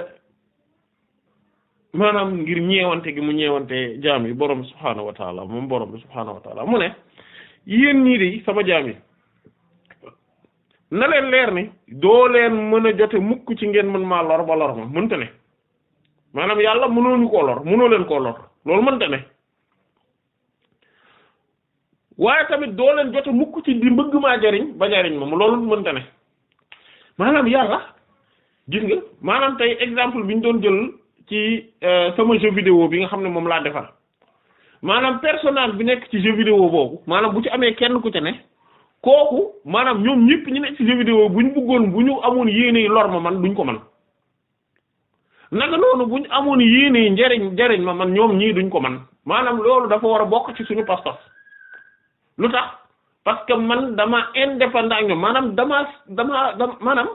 maanaam ngir ñeewante gi mu ñeewante jaam yi borom bi subhaanahu wa taala moom borom bi subhaanahu wa taala mu ne yéen ñii de sama jaam yi na leen leer ni doo leen mën a jote mukk ci ngeen mën maa lor ba mënta ne maanaam yàlla mënoo ñu koo lor mënoo leen koo lor loolu mënta ne waaye tamit doo leen jote mukk ci di mbëgg maa jariñ ba jariñ ma loolu mënta ne maanaam yàlla gis nga maanaam tey exemple bi ñu doon jël ci euh, sama jeu vidéo bi nga xam ne moom laa defar maanaam personnage bi nekk ci jeu vidéo boobu maanaam bu ci amee kenn ku ca ne kooku maanaam ñoom ñëpp ñu nekk ci jeu vidéo bu ñu bëggoon bu ñu amoon yéene lor ma man duñ ko man naka noonu buñ amoon yéenee njariñ njariñ ma man ñoom ñii duñ ko man maanaam loolu dafa war a bokk ci suñu pas-pas lu tax parce que man dama indépendant ak ñoom maanaam dama dama dama maanaam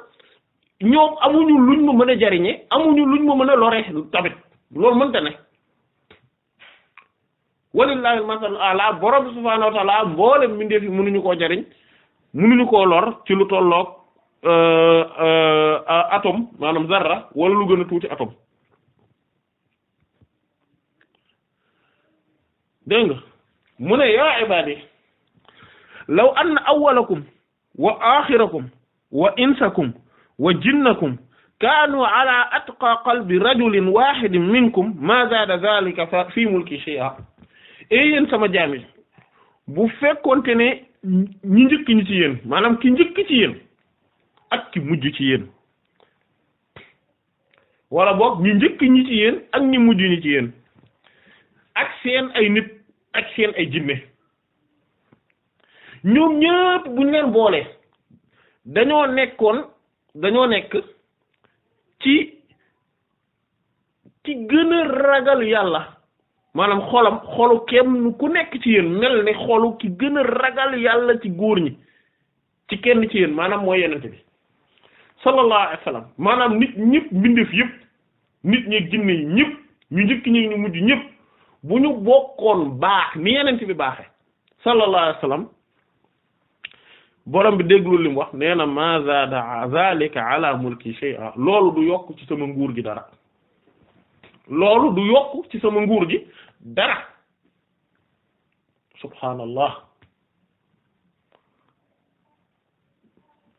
ñoom amuñu luñ ma mën a jariñe amuñu luñ ma mën a lore tamit loolu mënta ne walillahi masal ala borom subhanahu wa ta'ala mboolem mbindeef yi mënuñu koo jariñ mënuñu koo lor ci lu tolloog euh atom manam zarra wala lu gëna tuti atom deng mune ya ibadi law an awwalakum wa akhirakum wa insakum wa jinnakum kaanu ala atqa qalbi rajulin wahidin minkum ma zaada zalika fi mulki shay'a et yéen sama jaam yi bu fekkonte ne ñi njëkk ñi ci yéen maanaam ki njëkk ci yéen ak ki mujj ci yéen wala boog ñu njëkk ñi ci yéen ak ñi mujj ñi ci yéen ak seen ay nit ak seen ay jinne ñoom ñëpp buñ leen boole dañoo nekkoon dañoo nekk ci ki gën ragal yàlla maanaam xolam xolu kenn ku nekk ci yéen mel ni xolu ki gën a ragal yàlla ci góor ñi ci kenn ci yéen maanaam moo yenente bi sallallahu alayhi wa sallam maanaam nit ñëpp mbindeef yëpp nit ñi ginne yi ñu njëkk ñu mujj ñépp bu ñu bokkoon baax ni yenent bi baaxe sallallahu alayhi wa borom bi déglul li mu wax nee na ma zaada zalika ala mulki shay'a loolu du yokk ci sama nguur gi dara loolu du yokk ci sama nguur gi dara subhaanallah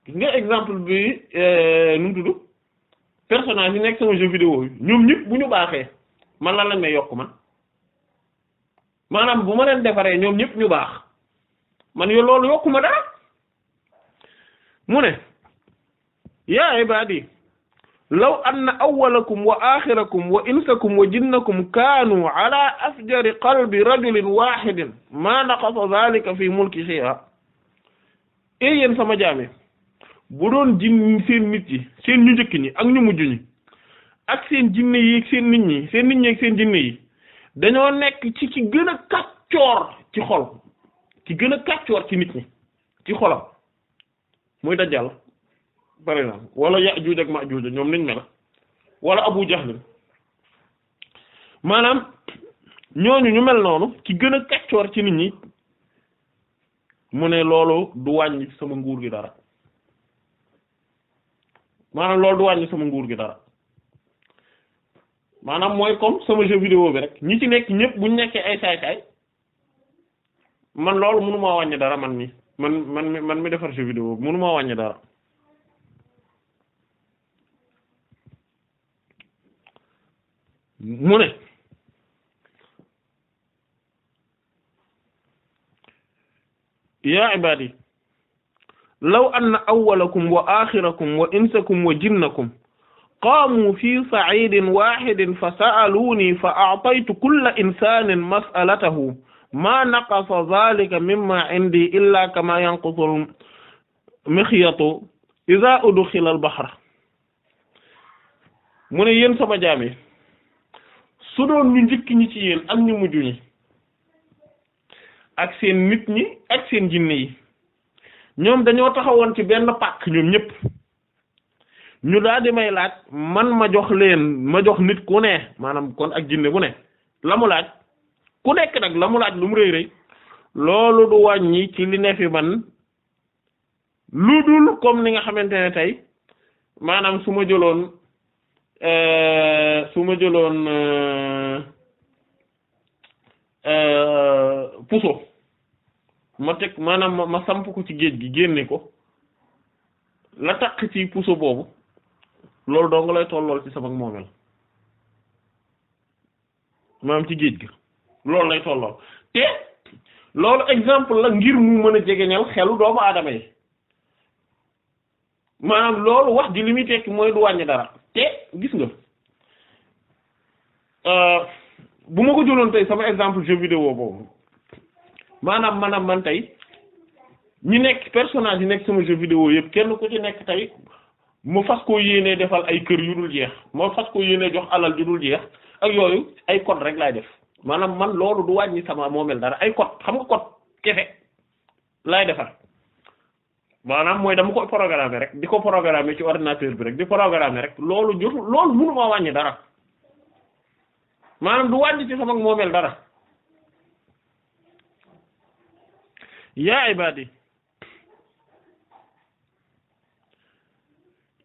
gis nga exemple bi euh, nu mu tudd personnage yi nekk sama jeu vidéo yi ñoom ñëpp bu ñu baaxee man lan lañ may yokk man maanaam bu ma leen defaree ñoom ñëpp ñu baax man yo loolu yokku ma dara mu ne yaa ibadi law anna awwalakum wa axirakum wa insakum wa jinnakum kaanu ala afjari qalbi rajulin wahidin ma naqasa zalika fi mulki shay'a e yéen sama jaame bu doon jin seen nit yi seen ñu njëkk ñi ak ñu mujj ñi ak seen jinne yi ak seen nit ñi seen nit ñi ak seen jinne yi dañoo nekk ci ci gën a kàccoor ci xol ci gën a kàccoor ci nit ñi ci xolam muy dajjal par exemple wala Yaajuuj ak Maajuuj ñoom niñ mel wala Abu Jahl maanaam ñooñu ñu mel noonu ci gën a kàccoor ci nit ñi mu ne loolu du wàññi sama nguur gi dara maanaam loolu du wàññi sama nguur gi dara maanaam mooy comme sama jeu vidéo bi rek ñi ci nekk ñëpp bu nekkee ay saay-saay man loolu mënu maa wàññi dara man mi man man mi man mi defar si vidéo bi mënu maa wàññi dara mu yaa ibaadi لو أن أولكم وآخركم وإنسكم وجنكم قاموا في صعيد واحد فسألوني فأعطيت كل إنسان مسألته ما نقص ذلك مما عندي إلا كما ينقص المخيط إذا أدخل البحر من ين سما جامي sudon ñu jikki ñi ci yeen ak ñu mujju ñi ñoom dañoo taxawoon ci benn pàkk ñoom ñëpp ñu daal di may laaj man ma jox leen ma jox nit ku ne maanaam kon ak jinne bu ne la mu laaj ku nekk nag la mu laaj lu mu rëy rëy loolu du wàññi ci li ne fi man lu dul comme ni nga xamante ne tey maanaam su ma jëloon euh, su ma jëloon euh, euh, puso ma teg maanaam ma ma samp ko ci géej gi génne ko la takk ci puso boobu loolu doo nga lay tollool ci sama moomeel maanaam ci géej gi loolu lay tollool te loolu exemple la ngir mu mën a jegeñal xelu doomu aadama yi maanaam loolu wax di li muy tekki mooy du wàññi dara te gis nga euh, bu ma ko jëloon tey sama exemple jeu vidéo boobu maanaam maanaam man tey ñi nekk personnage yi nekk sama jeu vidéo yëpp kenn ku ci nekk tey mu fas koo yéenee defal ay kër yu dul jeex moo fas koo yéenee jox alal yu dul jeex ak yooyu ay kot rek laay def maanaam man loolu du wàññi sama moomel dara ay code xam nga code kefe laay defar maanaam mooy dama ko programmer rek di ko programmer ci ordinateur bi rek di programmer rek loolu jotul loolu mënu ma wàññi dara maanaam du wàññi ci sama moomel dara. يا عبادي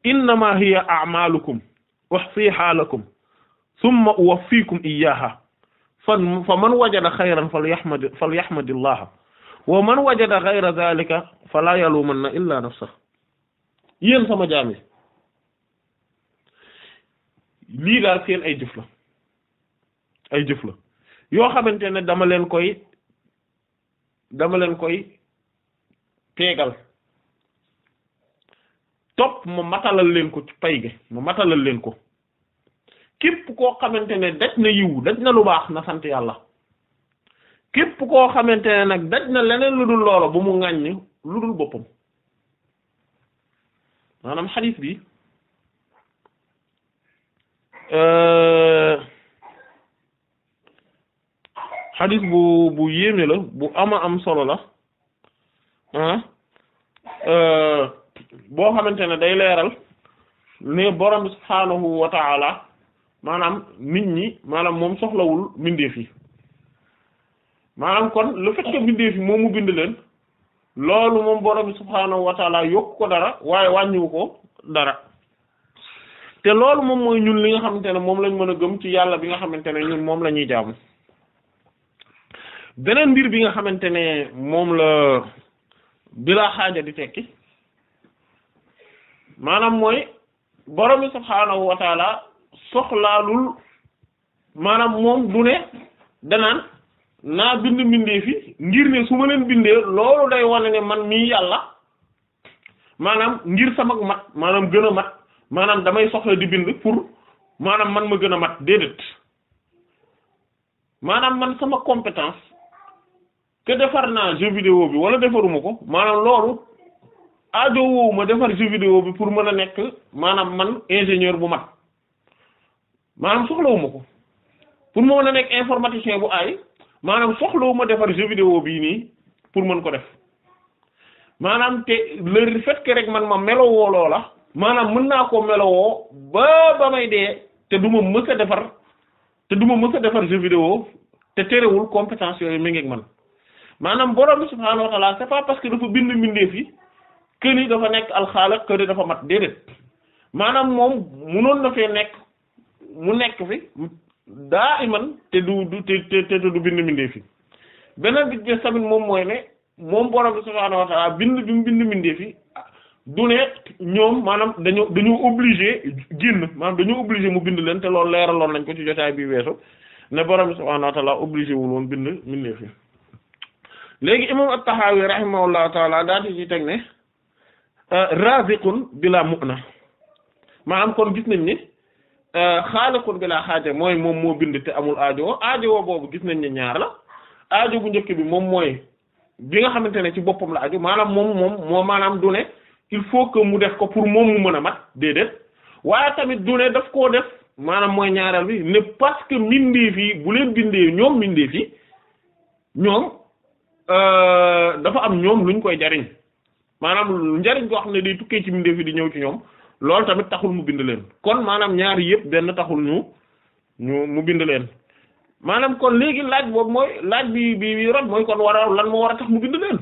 إنما هي أعمالكم وحصيها لكم ثم أوفيكم إياها فمن وجد خيرا فليحمد فليحمد الله ومن وجد غير ذلك فلا يلومن إلا نفسه yéen sama jaam yi lii daal seen ay jëf la ay jëf la yoo xamante dama koy dama leen koy teegal topp ma matalal leen ko ci pay gi ma matalal leen ko képp koo xamante ne daj na yiw daj na lu baax na sant yàlla képp koo xamante ne nag daj na leneen lu dul loola bu mu ŋàññ lu dul boppam maanaam xadiis bi euh, xadis bu bu yéeme la bu ama am solo la ah euh, boo xamante ne day leeral ne borom bi subhaanahu wa taala maanaam nit ñi maanaam moom soxlawul mbindeef yi maanaam kon le fait que mbindeef yi moom mu bind leen loolu moom borom bi subhaanahu wa taala yokk ko dara waaye wàññiwu ko dara te loolu moom mooy ñun li nga xamante ne moom lañ mën a gëm ci yàlla bi nga xamante ne ñun moom la ñuy jaamu beneen mbir bi nga xamante ne moom la bilaa xaaja di tekki maanaam mooy borom bi subhaanahu wa taala maanaam moom du ne danaan naa bind mbindee fi ngir ne su ma leen bindee loolu day wane ne man mi yàlla maanaam ngir sama mat maanaam gën mat maanaam damay soxla di bind pour maanaam man ma gën a mat déedéet maanaam man sama compétence que defar naa jeu vidéo bi wala defaruma ko maanaam loolu aajowoo ma defar jeu vidéo bi pour mën a nekk maanaam man ingénieur bu mat maanaam soxlawuma ko pour ma mën a nekk informaticien bu aay maanaam soxlawuma defar jeu vidéo bii nii pour mën ko def maanaam te le fait que rek man ma melowoo loola maanaam mën naa koo melowoo ba ba may dee te du ma mës a defar te du ma mës a defar jeu vidéo te terewul compétence yooyu mi ngeeg man maanaam borom bi subhaanahu wa ta'ala c'est pas parce que dafa bind mbindeef yi que ni dafa nekk alxaaliq que ni dafa mat déedéet maanaam moom munoon na fee nekk mu nekk fi daa iman te du du te te te du bind mbindeef yi beneen bi des tamit moom mooy ne moom borom bi subhaanahu wa ta'ala bind bi mu bind mbindeef yi du ne ñoom maanaam dañoo dañoo obligé génn maanaam dañoo obligé mu bind leen te loolu leeraloon nañ ko ci jotaay bi weesu ne borom bi subhaanahu wa ta'ala obligé wul woon bind mbindeef léegi imam at-Tahawi rahimahullahu taala daa di ci teg ne euh, raziqun bila mu'na maanaam kon gis nañ ni euh, xaaliqun bila xaaja mooy moom moo bind te amul aajo aajo boobu gis nañ ne ñaar la aajo bu njëkk bi moom mooy bi nga xamante ne ci boppam la aju maanaam moom moom moo maanaam du il faut que mu def ko pour moom mu mën a mat déedéet waaye tamit du ne daf koo def maanaam mooy ñaaral bi ne parce que mbindeef bu leen bindee ñoom mbindeef yi ñoom Euh, dafa am ñoom luñ koy jariñ maanaam njariñ koo xam ne day tukkee ci mbindeef yi di ñëw ci ñoom loolu tamit taxul mu bind leen kon maanaam ñaari yëpp benn taxul ñu ñu mu bind leen maanaam kon léegi laaj boobu mooy laaj bi bi bi rot mooy kon war lan moo war a tax mu bind leen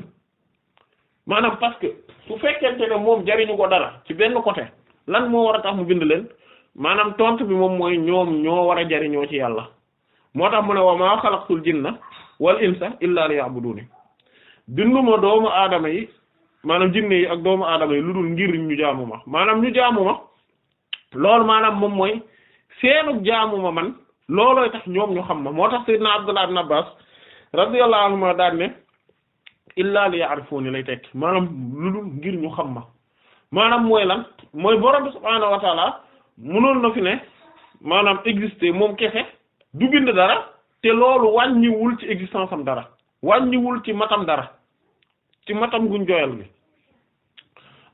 maanaam parce que su fekkente jariñu ko dara ci benn côté lan moo war a tax mu bind leen maanaam tontu bi moom mooy ñoom ñoo war a jariñoo ci yàlla moo tax mu ne wa maa xalaqtul jinna wal insa illa liya'buduni binduma doomu aadama yi maanaam jinne yi ak doomu aadama yi lu dul ngir ñu jaamu ma maanaam ñu jaamu ma maanaam moom mooy seenu jaamu man loolooy tax ñoom ñu xam ma moo tax sayyidna Abdullah ibn Abbas radiyallahu anhuma daan ne illaa li lay tekk maanaam lu dul ngir ñu xam ma maanaam mooy lan mooy borom bi subhaanahu wa na fi ne maanaam exister moom kese du bind dara te loolu wàññiwul ci existence am dara wàññiwul ci matam dara ci matam guñ jooyal bi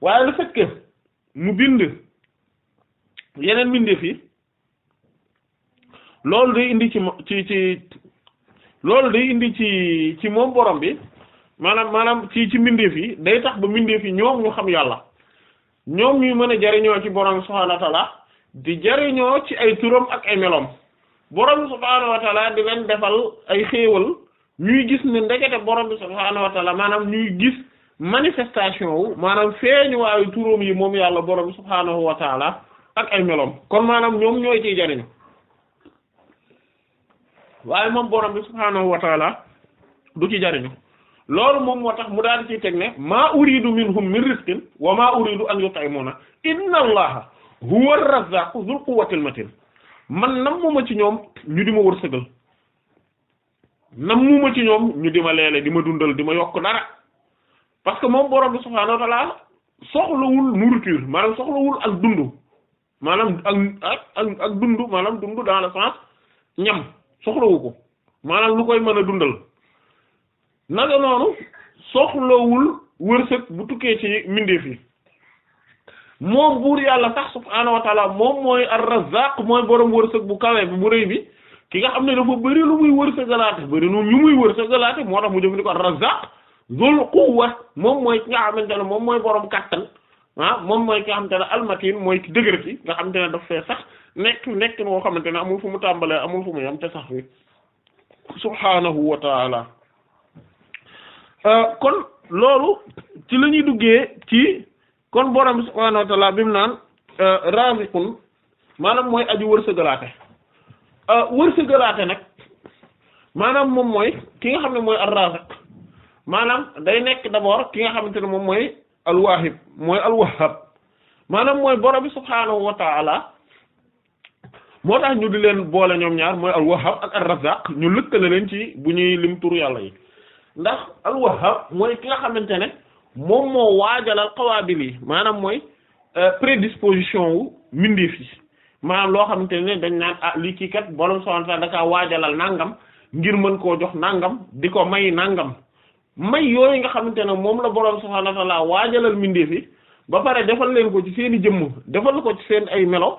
waaye le fait mu bind yeneen mbindeef yi loolu day indi ci ci loolu day indi ci ci moom borom bi maanaam maanaam ci ci mbindeef yi day tax ba mbindeef yi ñoom ñu xam yàlla ñoom ñuy mën a jariñoo ci borom subhaanahu wa di jariñoo ci ay turam ak ay meloom borom subhaanahu wa di leen defal ay xéewal ñuy gis ne ndekete borom bi subhaanahu wa maanaam ñuy gis manifestation wu maanaam feeñu waayu turóom yi moom yàlla borom bi subhaanahu wa taala ak ay meloom kon maanaam ñoom ñooy ciy jariñu waaye moom borom bi subhaanahu wa taala du ci jariñu loolu moom moo tax mu daal di ciy teg ne maa uridu minhum min rizqin wa maa uridu an yut'imuna inna allaha huwa ar-razzaqu dhul quwwatil man nam mooma ci ñoom ñu di ma wërsëgal nammuma ci ñoom ñu di ma leele di ma dundal di ma yokk dara parce que moom borom bi subhaanahu wa ta'ala soxlawul nourriture maanaam soxlawul ak dund maanaam ak ak ak dund maanaam dund dans le mën a dundal naka noonu soxlawul wërsëg bu tukkee ci mbindeef yi moom buur yàlla sax subhaanahu wa ta'ala moom mooy ar-razzaq mooy borom wërsëg bu kawe bu rëy bi ki nga xam ne dafa bëri lu muy wërsëgalaate bëri noonu ñu muy wërsëgalaate moo tax mu jëf ni ko ar-Razzaq zul quwwa moom mooy ki nga xamante ne moom mooy boroom kattan ah moom mooy ki nga xamante ne al mooy ki dëgër ci nga te ne daf fee sax nekk nekk woo xamante ne amul fu mu tàmbalee amul fu mu yam te sax wi subhaanahu wa taala euh, kon loolu ci la ñuy duggee ci kon borom bi subhaanahu naan euh, raziqun maanaam mooy aju wërsëgalaate Euh, wërsëgalaate nag maanaam moom mooy ki nga xam ne mooy ar maanaam day nekk d'abord ki nga xamante ne moom mooy al-Wahib mooy al-Wahhab mooy borom bi subhaanahu wa ta'ala moo tax ñu di leen boole ñoom ñaar mooy al-Wahhab ak ar-Razzaq ñu lëkkale leen ci bu ñuy lim turu yàlla yi ndax al-Wahhab mooy ki nga xamante ne moom moo waajalal qawaabil yi maanaam mooy euh, prédisposition wu mbindeef yi maanaam loo xamante ne dañ naan ah lii kii kat borom subhaanahu wa ta'aala dakaa waajalal nangam ngir mën koo jox nangam di ko may nangam may yooyu nga xamante ne moom la borom subhaanahu wa ta'aala waajalal mbindeef yi ba pare defal leen ko ci seen i jëmm defal ko ci seen ay melo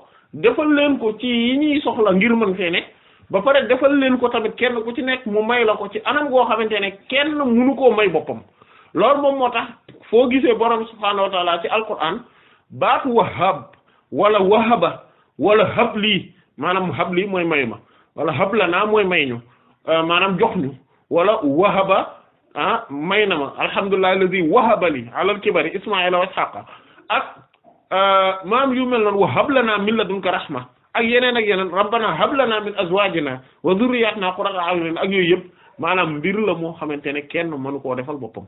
defal leen ko ci yi ñuy soxla ngir mën fee ba pare defal leen ko tamit kenn ku ci nekk mu may la ko ci anam goo xamante ne kenn munu koo may boppam loolu moom moo tax foo gisee borom subhaanahu wa ta'aala ci alquran baatu wahab wala wala habli maanaam habli mooy may ma wala hablana mooy may ñu euh, maanaam jox ñu wala wahaba ah may na ma alhamdulillahi alladhi wahaba li ala al-kibari isma'ila wa ishaqa ak euh, maam yu mel noonu wa hablana min ladunka rahma ak yeneen ak yeneen rabbana hablana min azwajina wa dhurriyyatina qurrata a'yun ak yooyu yëpp maanaam mbir la moo xamante ne kenn mënu koo defal boppam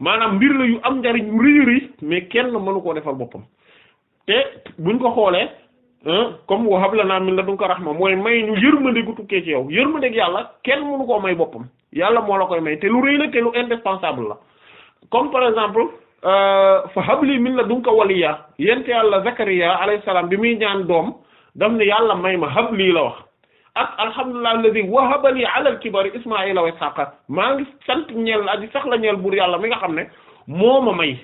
maanaam mbir la yu am njariñ yu rëy mais kenn mënu koo defal boppam te buñ ko xoolee comme wa hab lanaa min ladunka rahma mooy may ñu yërmande gu tukkee ci yow yërmande yàlla kenn mënu koo may boppam yàlla moo la koy may te lu rëy la te lu la comme par exemple euh, fa hab lii min ladunka waliya yent yàlla Zakariya alayhi salaam bi muy ñaan doom daf ne yàlla may ma hab lii la wax ak alhamdulillahi alladhi wahaba li ala al-kibari isma'ila wa ishaqa maa ngi sant ñeel aji sax la ñeel buur yàlla mi nga xam ne moo ma may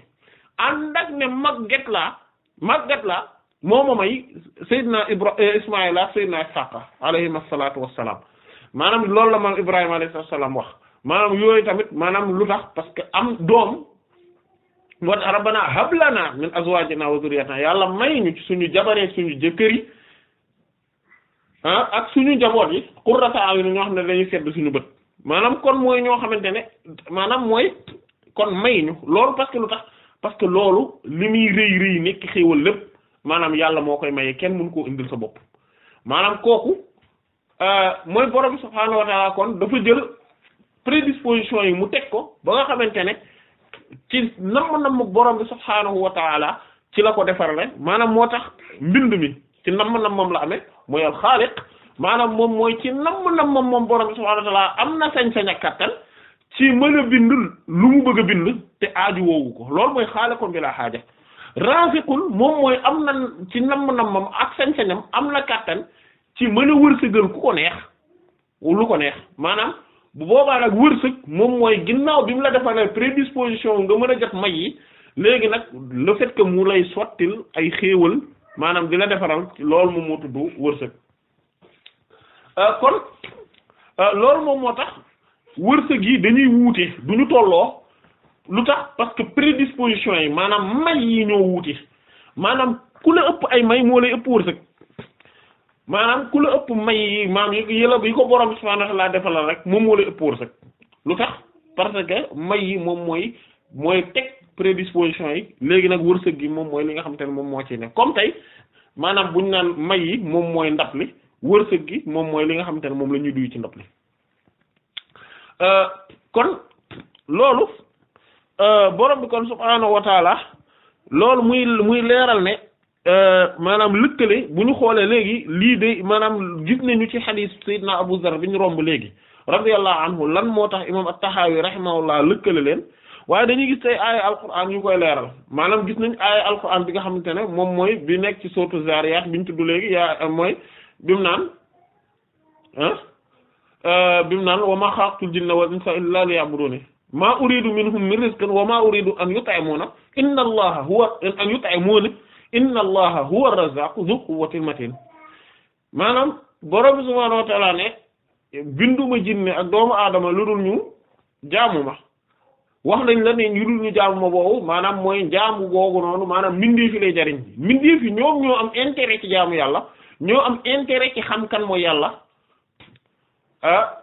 ànd ak ne màgget laa màgget laa mooma may Seydina Ibra eh, Ismaïla ak Seydina Isxaqa alayhima salaatu wassalaam maanaam loolu la maam Ibrahima alayhi salaam wax maanaam yooyu tamit maanaam lu tax parce que am doom moo tax rabbana hablana min azwajina wa zurriyatina yàlla may ñu ci suñu jabaree suñu jëkkër yi ah ak suñu njaboot yi qurrata a'yun ñoo xam ne dañuy sedd ñu bët maanaam kon mooy ñoo xamante ne maanaam mooy kon may ñu loolu parce lu tax parce que loolu li muy rëy rëy nekk xéewal lépp maanaam yàlla moo koy mayee kenn mënu koo indil sa bopp maanaam kooku euh, mooy borom subhaanahu wa ta'ala kon dafa jël prédisposition yi mu teg ko ba nga xamante ne ci namm namm borom bi subhaanahu wa ta'ala ci la ko defarale maanaam moo tax mbind mi ci namm nammam la amee mooy al xaaliq maanaam moom mooy ci namm nammam moom borom bi wa ta'ala am na sañ-sañ ak kattan ci mën a bind lu mu bëgg a bind te aaju woowu ko loolu mooy xaaliqun bi la xaaja raafiqul moom mooy am na ci namm-nammam ak sañ-sañam am na kàttan ci mën a wërsëgal ku ko neex lu ko neex maanaam bu boobaa nag wërsëg moom mooy ginnaaw bi mu la defalee prédisposition nga mën a jot may yi léegi nag le fait mu lay sottil ay xéewal maanaam di la defaral lool moom moo tudd wërsëg euh, kon euh, loolu moom moo tax wërsëg yi dañuy wuute ñu tolloo lu tax parce que prédisposition yi maanaam may yi ñoo wuute maanaam ku la ëpp ay may moo lay ëpp wërsëg maanaam ku la ëpp may yi maam yi la yi ko borom subhaanahu wa ta'aala defalal rek moom moo lay ëpp wërsëg lu tax parce que may yi moom mooy mooy teg prédisposition yi léegi nag wërsëg gi moom mooy li nga xam te ne moom moo ci ne comme tey maanaam buñ naan may yi moom mooy ndab li wërsëg gi moom mooy li nga xam te ne moom lañuy ñuy duy ci ndab li euh, kon Euh, borom bi kon subhaanahu wa taala muy muy leeral ne euh, maanaam lëkkale bu ñu xoolee léegi lii de maanaam gis nañu ci xadiis na Abu Zar bi ñu romb léegi radiyallahu anhu lan moo tax imaam at-Tahawi rahimahullah lëkkale leen waaye dañuy gis tey aaya alquran yu koy leeral maanaam gis nañ aaya alquran bi nga xamante ne moom mooy bi nekk ci sourate Zariyat bi ñu tudd léegi yaa mooy bi mu naan ah euh, naan wa ma xalaqtul jinna wal insa illa liya'budun maa uridu minhum min rizqin wa maa uridu an yut'imuna inna allaha huwa an yut'imuna inna allaha huwa ar-razzaqu dhu matin maanaam borom subhaanahu wa ta'ala ne binduma jinne ak doomu aadama lu dul ñu jaamu wax nañ la ne ñu dul ñu jaamu ma maanaam mooy jaamu googu noonu maanaam mbindeef yi lay jariñ mbindeef yi ñoom ñoo am intérêt ci jaamu yàlla ñoo am intérêt ci xam kan mooy yàlla ah,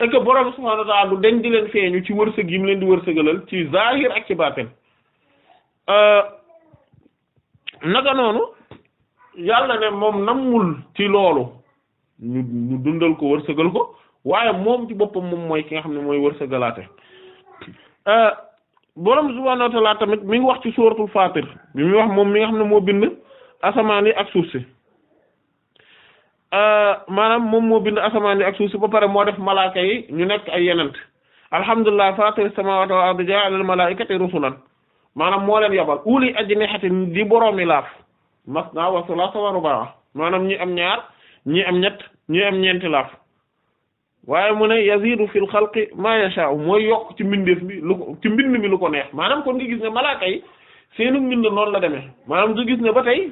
et que borom subhaanahu wa ta'ala du dañ di leen feeñu ci wërsëg yi mu leen di wërsëgalal ci zahir ak ci baatin euh, naka noonu yàlla ne moom nammul ci loolu ñu dundal ko wërsëgal ko waaye moom ci boppam moom mooy ki nga xam ne mooy wërsëgalaate euh, borom subhaanahu wa ta'ala tamit mi ngi wax ci suuratul Faatir bi muy wax moom mi nga xam ne moo bind asamaan yi ak suuf si. Euh, maanaam moom moo bind asamaan yi ak suuf si ba pare moo def malaaka yi ñu nekk ay yenent alhamdulilah fatir samawati wal ardi ja'alal malaikati rusulan maanaam moo leen yabal uli ajnihatin di boroomi laaf masna wa sulasa wa rubaa maanaam ñi am ñaar ñi am ñett ñi am ñeenti laaf waaye mu ne yazidu fil xalqi ma yasha'u mooy yokk ci mbindeef bi lu mi lu ko neex maanaam kon nga gis ne malaaka yi seenu mbind noonu la demee maanaam nga gis ne ba tey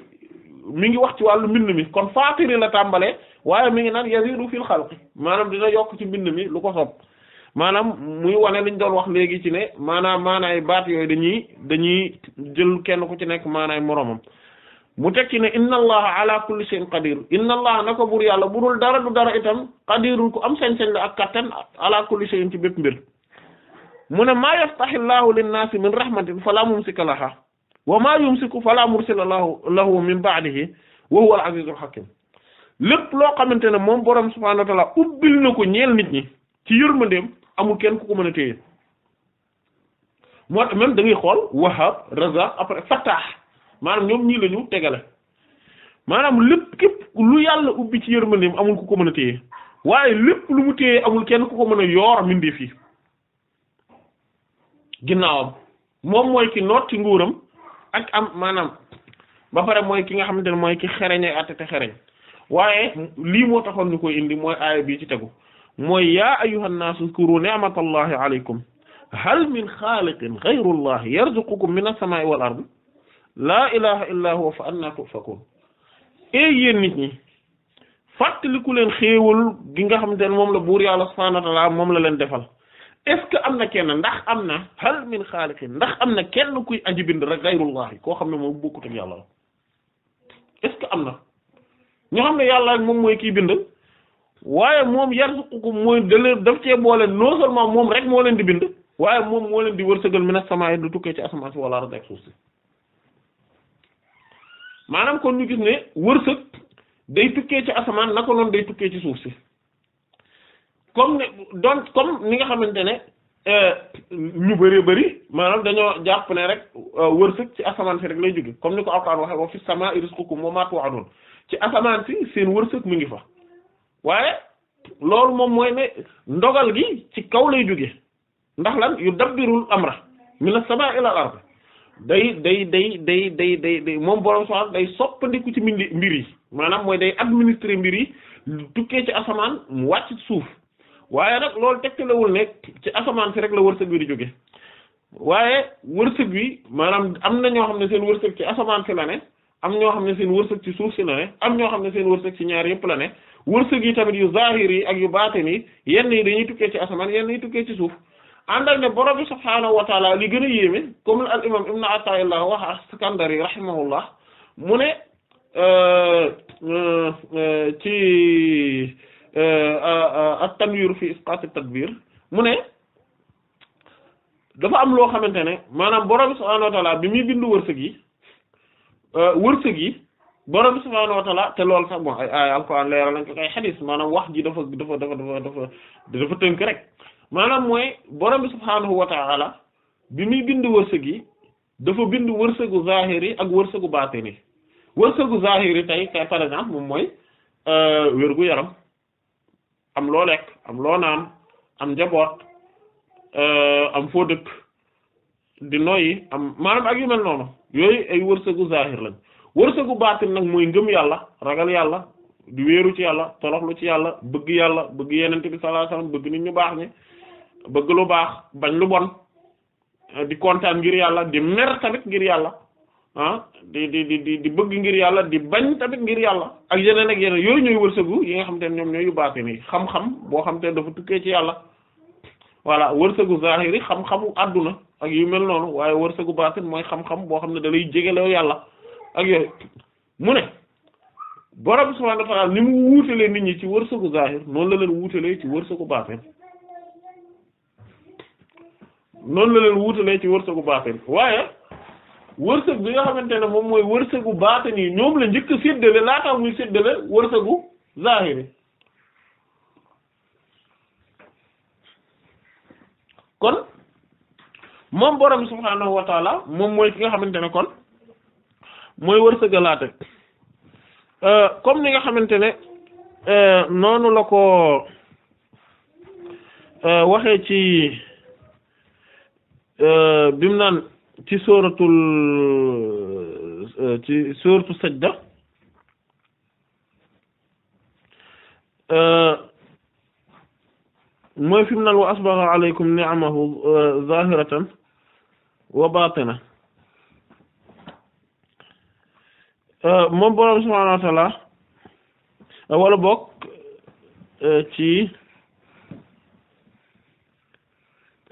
mi ngi wax ci wàllu mbind mi kon faatiri la tàmbalee waaye mi ngi naan yazidu fil xalqi maanaam dina yokk ci mbind mi lu ko sob maanaam muy wane liñ doon wax léegi ci ne maanaam maanaay baat yooyu dañuy dañuy jël kenn ku ci nekk maanaay moroomam mu tekki ne inna allaha ala kulli shay'in qadir inna allaha naka buur yàlla bu dul dara du dara itam qadirun ko am sañ-sañ la ak kattan ala kulli shay'in ci bépp mbir mu ne maa yaftahi llahu linnaasi min rahmatin fala mumsika laha wa maa yumsiku falaa la lahu lahu min ba'dihi wa huwa al-azizul hakim lépp loo xamante ne moom boroom subhaanahu wa ta'aala ubbil na ko ñeel nit ñi ci yërmandeem amul kenn ku ko mën a téye moo même da xool Wahhab Razzaq maanaam ñoom ñii la ñu tegale maanaam lépp képp lu yàlla ubbi ci yërmandeem amul ku ko mën a téye waaye lépp lu mu téye amul kenn ku ko mën a yoor mbindeef yi ginnaawam moom mooy ki noot ci nguuram ak am maanaam ba pare mooy ki nga xamante ne mooy ki xereñ ay te xereñ waaye lii moo taxoon ni koy indi mooy aaya bii ci tegu mooy yaa ayyuhan naasu uzkuru ni'matallahi alaykum hal min xaaliqin ghayrullahi yarzuqukum minas samaa'i wal ardi laa ilaha huwa fa annaa tu'fakuun ey eh, nit ñi fàttaliku leen xéewal ki nga xamante ne moom la buur yàlla subhaanahu moom la leen defal est am na kenn ndax am na hal min xaaliqin ndax am na kenn kuy aji bind rek gayrullahi koo xam ne moom bokkut ak yàlla la est am na ñoo xam ne yàlla moom mooy kii bind waaye moom yarzuqukum mooy da daf cee boole non seulement moom rek moo leen di bind waaye moom moo leen di wërsëgal mina samaa'i du tukkee ci asamaan si wala ardi ak suuf si maanaam kon ñu gis ne wërsëg day tukkee ci asamaan naka noonu day tukkee ci suuf si comme ne donc comme ni nga xamante ne lu euh, bëree bëri maanaam dañoo jàpp ne rek euh, wërsëg ci asamaan si rek lay jóge comme ni ko Alxuraan waxee wa fi samaa'i rizqukum wa maa tu'aduun ci asamaan si seen wërsëg mu ngi fa waaye loolu moom mooy ne ndogal gi ci kaw lay jóge ndax lan yu dabbirul amra minas samaa'i ilal ard day day day day day day day moom borom subhaanahu day soppandiku ci mbir yi maanaam mooy day administrer mbir yi lu tukkee ci asamaan mu wàcc suuf. waaye nag loolu tegtalewul ne ci asamaan si rek la wërsëg bi di jóge waaye wërsëg bi maanaam am na ñoo xam ne seen wërsëg ci asamaan si la ne am ñoo xam ne seen wërsëg ci suuf si la xam ne seen wërsëg ci ñaar yëpp la ne wërsëg yi tamit yu zahir yi ak yu baate nii yenn yi dañuy tukkee ci asamaan yenn yi tukkee ci suuf ànd ak ne borom bi subhaanahu wa taala li gën a yéeme comme al imam ibn Ata'illah wax as-Sakandari rahimahullah mu ne euh, euh, ci Euh, euh, euh, at-tanwiir fi isqaat at mu ne dafa am loo xamante ne maanaam borom subhaanahu wa bi muy bindu wërsëg yi wërsëg yi borom subhaanahu wa te loolu sax bon ay ay alxuraan leeral wax ji dafa dafa dafa dafa dafa dafa tënk rek maanaam mooy borom subhaanahu wa taala bi muy bind wërsëg yi dafa bind wërsëgu zahiri ak wërsëgu baatini wërsëgu zahiri tey tey par exemple moom mooy wér gu yaram. am lo lek am lo nan am euh am fo dëkk di noy am manam ak yu mel noonu yoy ay wërsëgu zahir lañ wërsëgu batin nak moy ngëm yalla ragal yalla di wëru ci yàlla toroxlu ci yalla bëgg yalla bëgg yenenbi sallallahu alayhi wasallam bëgg nit ñu bax ni bëgg lu bax bañ lu bon di ngir yalla di mer tamit ngir yalla ah di di di di bëgg ngir yàlla di bañ tamit ngir yàlla ak yeneen ak yeneen yooyu ñooy wërsëgu yi nga xam te ne ñoom ñooy yu baati ni xam-xam boo xam te ne dafa tukkee ci yàlla voilà wërsëgu zahiri xam-xamu àdduna ak yu mel noonu waaye wërsëgu baatin mooy xam-xam boo xam ne dalay lay jegelew yàlla ak yooyu mu ne borom subhanahu wa ta'ala ni mu wuutalee nit ñi ci wërsëgu zahir noonu la leen wuutalee ci wërsëgu baatin noonu la leen ci wërsëgu baatin waaye wërsëg bi nga xamante ne moom mooy wërsëgu baatin yi ñoom la njëkk séddale laataa muy séddale wërsëgu zahiri kon moom borom subhaanahu wa moom mooy ki nga xamante ne kon mooy wërsëgalaate euh, comme ni nga xamante ne euh, noonu la ko euh, waxee ci bim naan ci suratul ci suratul sajda euh moy mu naan wa asbaxa alaykum ni'amahu zahiratan wa batina euh moom boroom subhaanahu wa ta'aala wala bok ci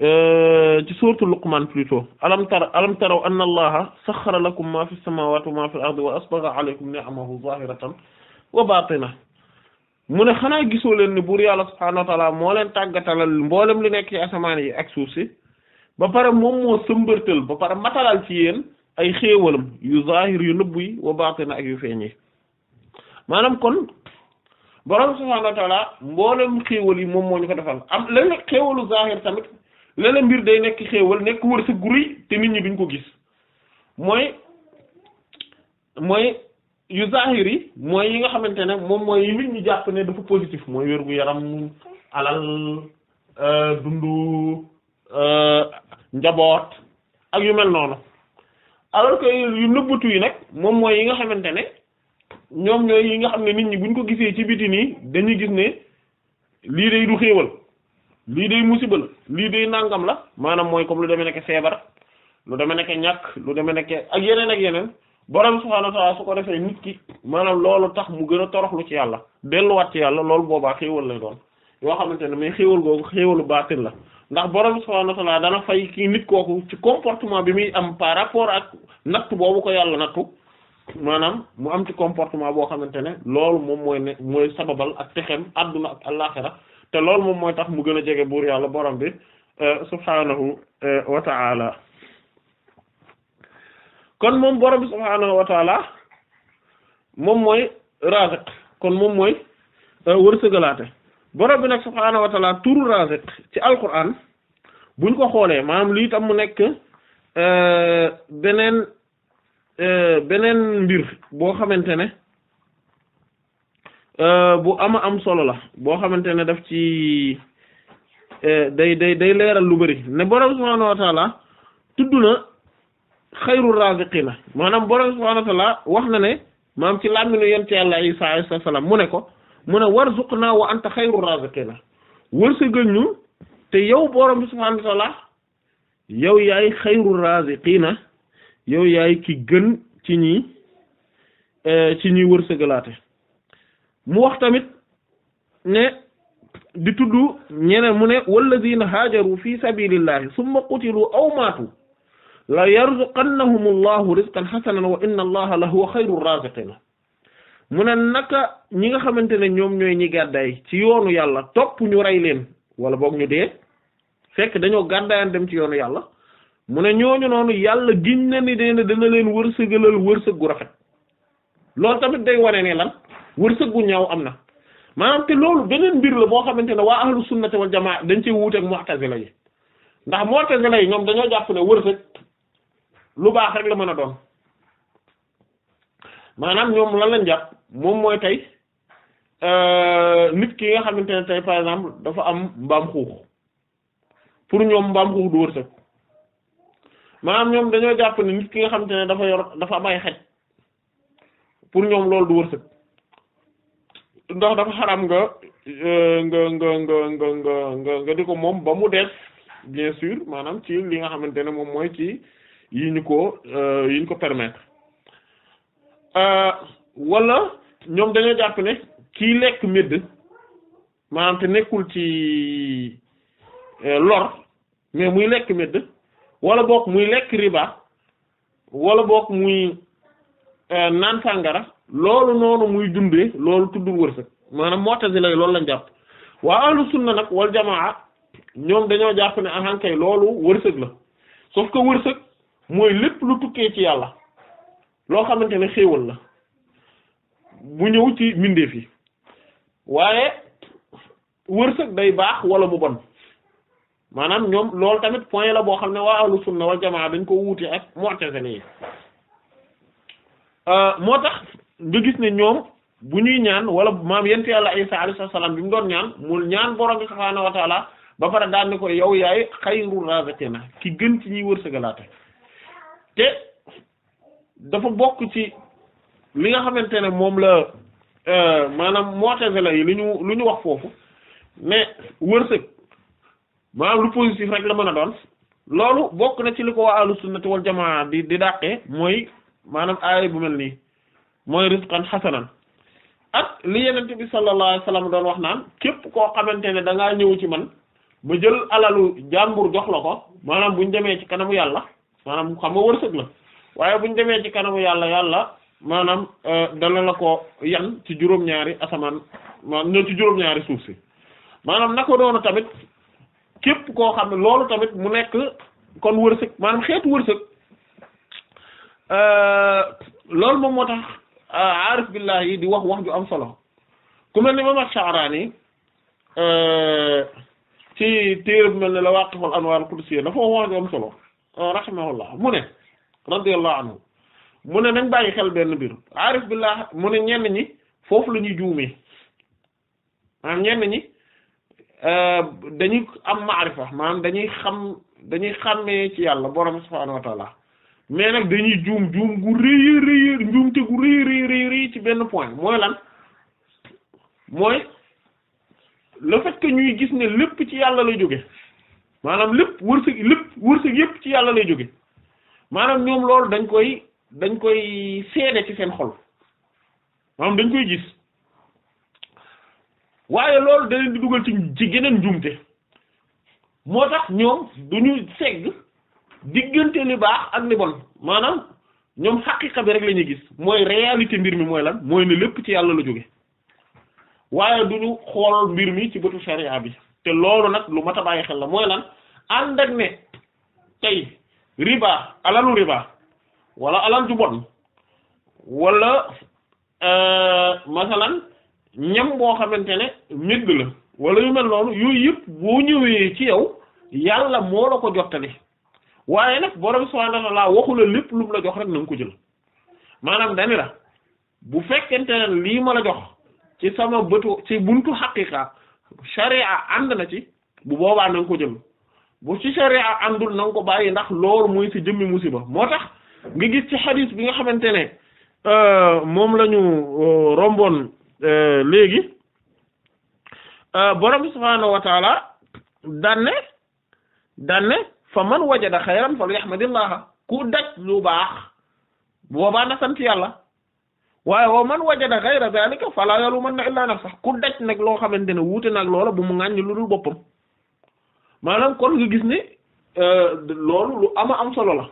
ci sourate Luqman plutôt alam tar alam taraw anna allaha sakhkhara lakum ma fi samawati wa ma fi al-ardi wa asbagha alaykum ni'amahu zahiratan wa batina mune xana xanaa gisoo leen ni bur yàlla subhanahu wa ta'ala mo len tagatalal mbolam li nek ci asaman yi ak suuf ba pare mom mo sëmbërtal ba pare matalal ci yéen ay xéewalam yu zahir yu nëbb wa batina ak yu feñi manam kon borom subhanahu wa ta'ala mbolam xéewal yi mom moñu ko defal am leen xéewalu zahir tamit léeg mbir day nekk xéewal nekk wërsëg gu rëy te nit ñi duñ ko gis mooy mooy yu zahir yi mooy yi nga xamante ne moom mooy yi nit ñi jàpp ne dafa positif mooy wér gu yaram alal euh, dundu euh, njaboot ak yu mel noonu alors que yu nëbbatu yi nag moom mooy yi nga xamante ne ñoom ñooy yi nga xam ne nit ñi buñ ko gisee ci biti nii dañuy gis ne lii day du xéewal lii day musiba la lii day nangam la maanaam mooy comme lu demee nekk feebar lu demee nekk ñàkk lu demee nekk ak yeneen ak yeneen borom subhaanahu wa su ko defee nit ki maanaam loolu tax mu gën a toroxlu ci yàlla delluwaat ci yàlla loolu boobaa xéewal lay doon yoo xamante ne mais xéewal googu xéewalu baatin la ndax borom subhaanahu wa ta'aala dana fay kii nit kooku ci comportement bi muy am par rapport ak nattu boobu ko yàlla nattu maanaam mu am ci comportement boo xamante ne loolu moom mooy ne mooy ak texem àdduna ak àllaaxira te loolu moom mooy tax mu gën a jege buur yàlla borom bi euh, subhaanahu euh, kon moom borom bi subhaanahu wa moom mooy raziq kon moom mooy euh, wërsëgalaate borom bi nag subhaanahu wa ta'ala turu raziq ci alquran buñ ko xoolee maanaam lii tam mu nekk beneen beneen mbir boo xamante ne Euh, bu ama am solo la boo xamante ne daf ci euh, day day day leeral lu bari ne borom subhaanahu wa taala tudd na xayru raziqina maanaam borom subhaanahu wa wax na ne maam ci làmminu yonent Yàlla Isaa alayhi salaam mu ne ko mu ne warzuqnaa wa anta xayru raziqina wërsëgal ñu te yow borom subhaanahu wa taala yow yaay xayru na yow yaay ki gën ci ñi euh, ci ñi wërsëgalaate mu wax tamit ne di tudd ñeneen mu ne walladina haajaru fi sabilillahi summa qutilu aw maatu la yarzuqannahum allahu rizqan hasanan wa inna allaha la huwa xayru raziqina mu ne naka ñi nga xamante ne ñoom ñooy ñi gàddaay ci yoonu yàlla topp ñu rey leen wala boog ñu dee fekk dañoo gàddaayan dem ci yoonu yàlla mu ne ñooñu noonu yàlla giñ na ni deen dana leen wërsëgalal wërsëg gu rafet loolu tamit day wane ne wërsëg gu ñaaw am na maanaam te loolu beneen mbir la boo xamante ne waa ahlu sunnati wal jamaa dañ cee wuuteeg mu'tazila yi ndax mu'tazila yi ñoom dañoo jàpp ne wërsëg lu baax rek la mën a doon maanaam ñoom lan lañ jàpp moom mooy tey euh, nit ki nga xamante ne tey par exemple dafa am mbaam xuux pour ñoom mbaam xuux du wërsëg maanaam ñoom dañoo jàpp ne nit ki nga xamante ne dafa yor dafa am ay xaj pour ñoom loolu du wërsëg ndox dafa xaram euh, nga nga nga nga nga nga nga di ko moom ba mu def bien sûr maanaam ci li nga xamante ne moom mooy ci yi ñu ko euh, yi ñu ko permettre euh, wala ñoom dañoo jàpp ne kii lekk médd maanaam te nekkul ci lor mais muy lekk médd wala boog muy lekk riba wala boog muy naan sàngara loolu noonu muy dundee loolu tuddul wërsëg maanaam mu'tazila yi loolu lañ jàpp waa ahlu sunna nag wal jamaa ñoom dañoo jàpp ne ahankay loolu wërsëg la sauf que wërsëg mooy lépp lu tukkee ci yàlla loo xamante ne xéewal la mu ñëw ci mbindeef yi waaye wërsëg day baax wala mu bon maanaam ñoom loolu tamit point la boo xam ne waa ahlu sunna wal jamaa dañ ko wuute ak mu'tazila yi euh, moo tax nga gis ne ñoom bu ñuy ñaan wala maam yent yàlla Isa alayhi salaam bi mu doon ñaan mu ñaan borom bi subhaanahu wa taala ba pare daan ni ko yow yaay xayru na ki gën ci ñuy wërsëgalaate te dafa bokk ci li nga xamante ne moom la euh, maanaam Mu'tazila yi lu ñu lu ñu wax foofu mais wërsëg maanaam lu positif rek la mën a doon loolu bokk na ci li ko waa ahlu sunnati wal jamaa di di dàqee mooy maanaam aaya bu mel nii mooy rizqan hasanan ak li yenente bi sallallahu alayhi wasallam doon wax naan képp koo xamante ne dangaa ngaa ñëw ci man ba jël alalu jàmbur jox la ko maanaam buñ demee ci kanamu yàlla maanaam xam nga wërsëg la waaye buñ demee ci kanamu yàlla yàlla maanaam euh, dana la ko yan ci juróom-ñaari asamaan maanaam ñoo ci juróom-ñaari suuf si maanaam na ko doonu tamit képp koo xam ne loolu tamit mu nekk kon wërsëg maanaam xeetu wërsëg euh, loolu moom moo tax Euh, aarif billah yi di wax wax ju am solo ku mel ni Imaam Ash-Sha'rani euh, ci téere bu mel ne la Waaqiful Anwaar al-Qudsiyya dafa wax ju am solo euh, rahimahullah mu ne radiyallahu anhu mu ne nañ bàyyi xel benn mbir aarif billah mu ne ñenn ñi foofu lañuy ñuy juumee ñenn ñi dañuy am maarifa maanaam dañuy xam dañuy xàmmee ci yàlla borom subhaanahu wa mais nag dañuy juum juum gu rëy rëy njuumte gu rëy rëy ci benn point mooy lan mooy le fait ñuy gis ne lépp ci yàlla lay jóge maanaam lépp wërsëg lépp wërsëg yépp ci yàlla lay jóge maanaam ñoom lool dañ koy dañ koy seede ci seen xol maanaam dañ koy gis waaye loolu da leen di dugal ci ci geneen njuumte moo tax ñoom ñu segg diggante li baax ak li bon maanaam ñoom xaqiqa bi rek lañuy gis mooy réalité mbir mi mooy lan mooy ne lépp ci yàlla la jóge waaye du ñu xool mbir mi ci bëtu sharia bi te loolu nag lu mat a bàyyi xel la mooy lan ànd tey riba alalu wala alal ju bon wala euh, masalan ñam boo xamante ne medd la wala yu mel noonu yooyu yëpp boo ñëwee ci yow yàlla moo la ko jottali waaye nag borom subhaanahu wa ta'aala lépp lu la jox rek na nga ko jël maanaam dani bu fekkente ne lii ma la jox ci sama bëtu ci buntu xaqiqa sharia ànd na ci bu boobaa na nga ko jël bu ci sharia àndul na nga ko bàyyi ndax loolu muy si jëmmi musiba moo tax nga gis ci xadiis bi nga xamante ne euh, moom la ñu euh, romboon euh, léegi borom subhaanahu wa danne danne fa man wajada xayran fal yahmadillaha ku daj lu baax boobaa na sant yàlla waaye wa man wajada ghayra dhalika fala yalumanna illa sax ku daj nag loo xamante ne wuute nag loola bu mu ŋàññ lu dul boppam maanaam kon nga gis ne euh, loolu lu ama am solo la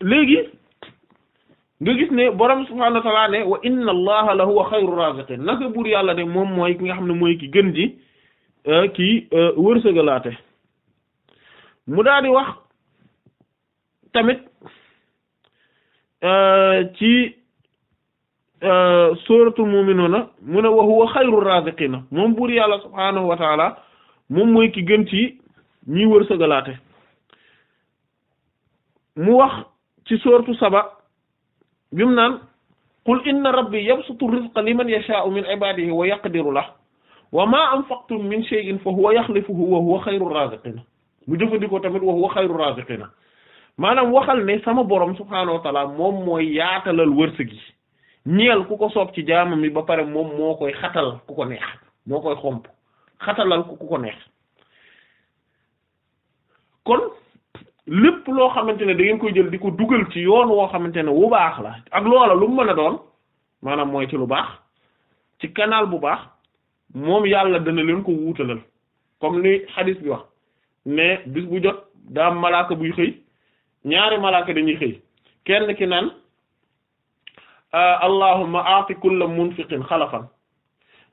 léegi nga gis ne borom subhanahu wa ta'ala ne wa inna allaha la huwa xayru raziqin naka buur yàlla ne moom mooy ki nga xam ne mooy ki gën ji euh, kii euh, wërsëgalaate mu daal di wax tamit euh, ci euh, suratul mu'minuna mu ne wa huwa xayru raziqina moom buur yàlla subhaanahu wa taala moom mooy ki gën ci ñi wërsëgalaate mu wax ci suratul saba bi mu naan qul inna rabbi yabsutu rizqa liman yasha'u min ibadihi wa yaqdiru lahu wa ma anfaqtum min shay'in fa huwa yakhlifuhu wa huwa xayru raziqina mu jëfandikoo tamit wax wa xayru raziqina maanaam waxal ne sama borom subhaanahu wa moom mooy yaatalal wërsëg yi ñeel ku ko soob ci jaamam yi ba pare moom moo koy xatal ku ko neex moo koy xomp xatalal ku ko neex kon lépp loo xamante ne dangeen ngeen koy jël di ko dugal ci yoon woo xamante ne wu baax la ak loola lu mu mën a doon maanaam mooy ci lu baax ci kanaal bu baax moom yàlla dana leen ko wuutalal comme ni hadith bi wax ne bis bu jot daa am malaaka buy xëy ñaari malaaka dañuy xëy kenn ki naan ah, allahumma aati kulla munfiqin xalafan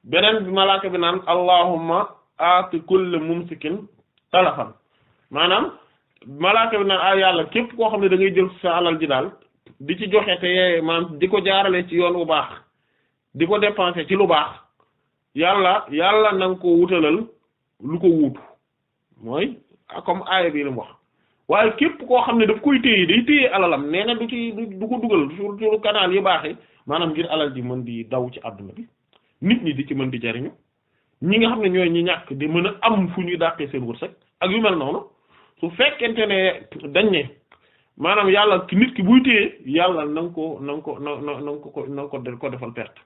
beneen bi malaaka bi naan allahumma aati kulla mumsikin talafan maanaam malaaka bi naan ah yàlla képp koo xam ne dangay jël sa alal ji daal di ci joxe te yee maanaam di ko jaarale ci yoon bu di ko dépenser ci lu baax yàlla yàlla na ko wutalal lu ko wuutu mooy comme aaya bi la mu wax waaye képp koo xam ne daf koy téye day téye alalam neena na du ci du ko dugal sur sur canal yi baaxee maanaam ngir alal ji mën di daw ci àdduna bi nit ñi di ci mën di jariñu ñi nga xam ne ñooy ñi ñàkk di mën a am fu ñuy dàqee seen wërsëg ak yu mel noonu su fekkente ne dañ ne maanaam yàlla ki nit ki buy téye yàlla na ko na ko na na na nga ko na nga ko defal perte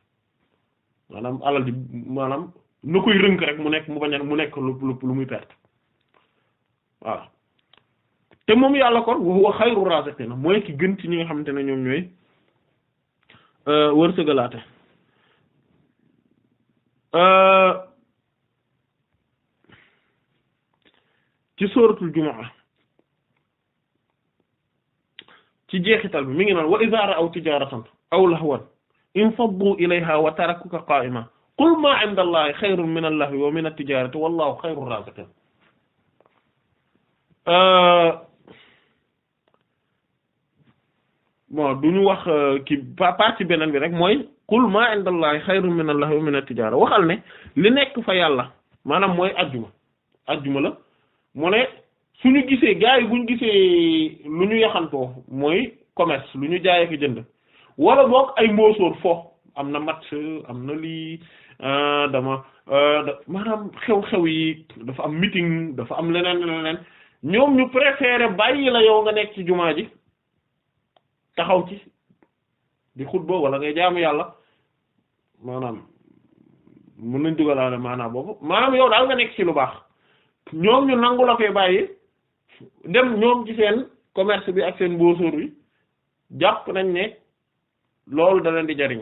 maanaam alal ji maanaam na koy rënk rek mu nekk mu bañ mu nekk lu lu muy perte voilà te mom yàlla kon wa huwa xayru raziqina mooy ki gën ci ñi nga xamante ne ñoom ñooy wërsëgalaate ci suratul jumu'ah ci jeexital bi mi ngi non wa idha ra'aw tijaratan aw lahwan in infaddu ilayha wa tarakuka qa'ima qul ma 'inda allahi xayrun min allahi wa min at-tijarati wallahu xayru raziqin Euh, bon du ñu wax euh, ki pa ci beneen bi rek mooy qul ma indallahi xayrun min allahi wa min at waxal ne li nekk fa yàlla maanaam mooy ajjuma ajjuma la mu ne suñu gisee gars yi buñu gisee lu ñu yaxantoo mooy commerce lu ñu jaay ak jënd wala boog ay mbóosóor fo am na mat am na lii euh, dama maanaam xew-xew yi dafa am meeting dafa am leneen leneen ñoom ñu préféré bàyyi la yow nga nekk ci jumaa ji taxaw ci di xutba wala ngay jaamu yàlla maanaam mën nañ dugalaale maanaam boobu maanaam yow daal nga nekk ci lu baax ñoom ñu nangu la fee bàyyi dem ñoom ci seen commerce bi ak seen mbóosóor bi jàpp nañ ne loolu da leen di jariñ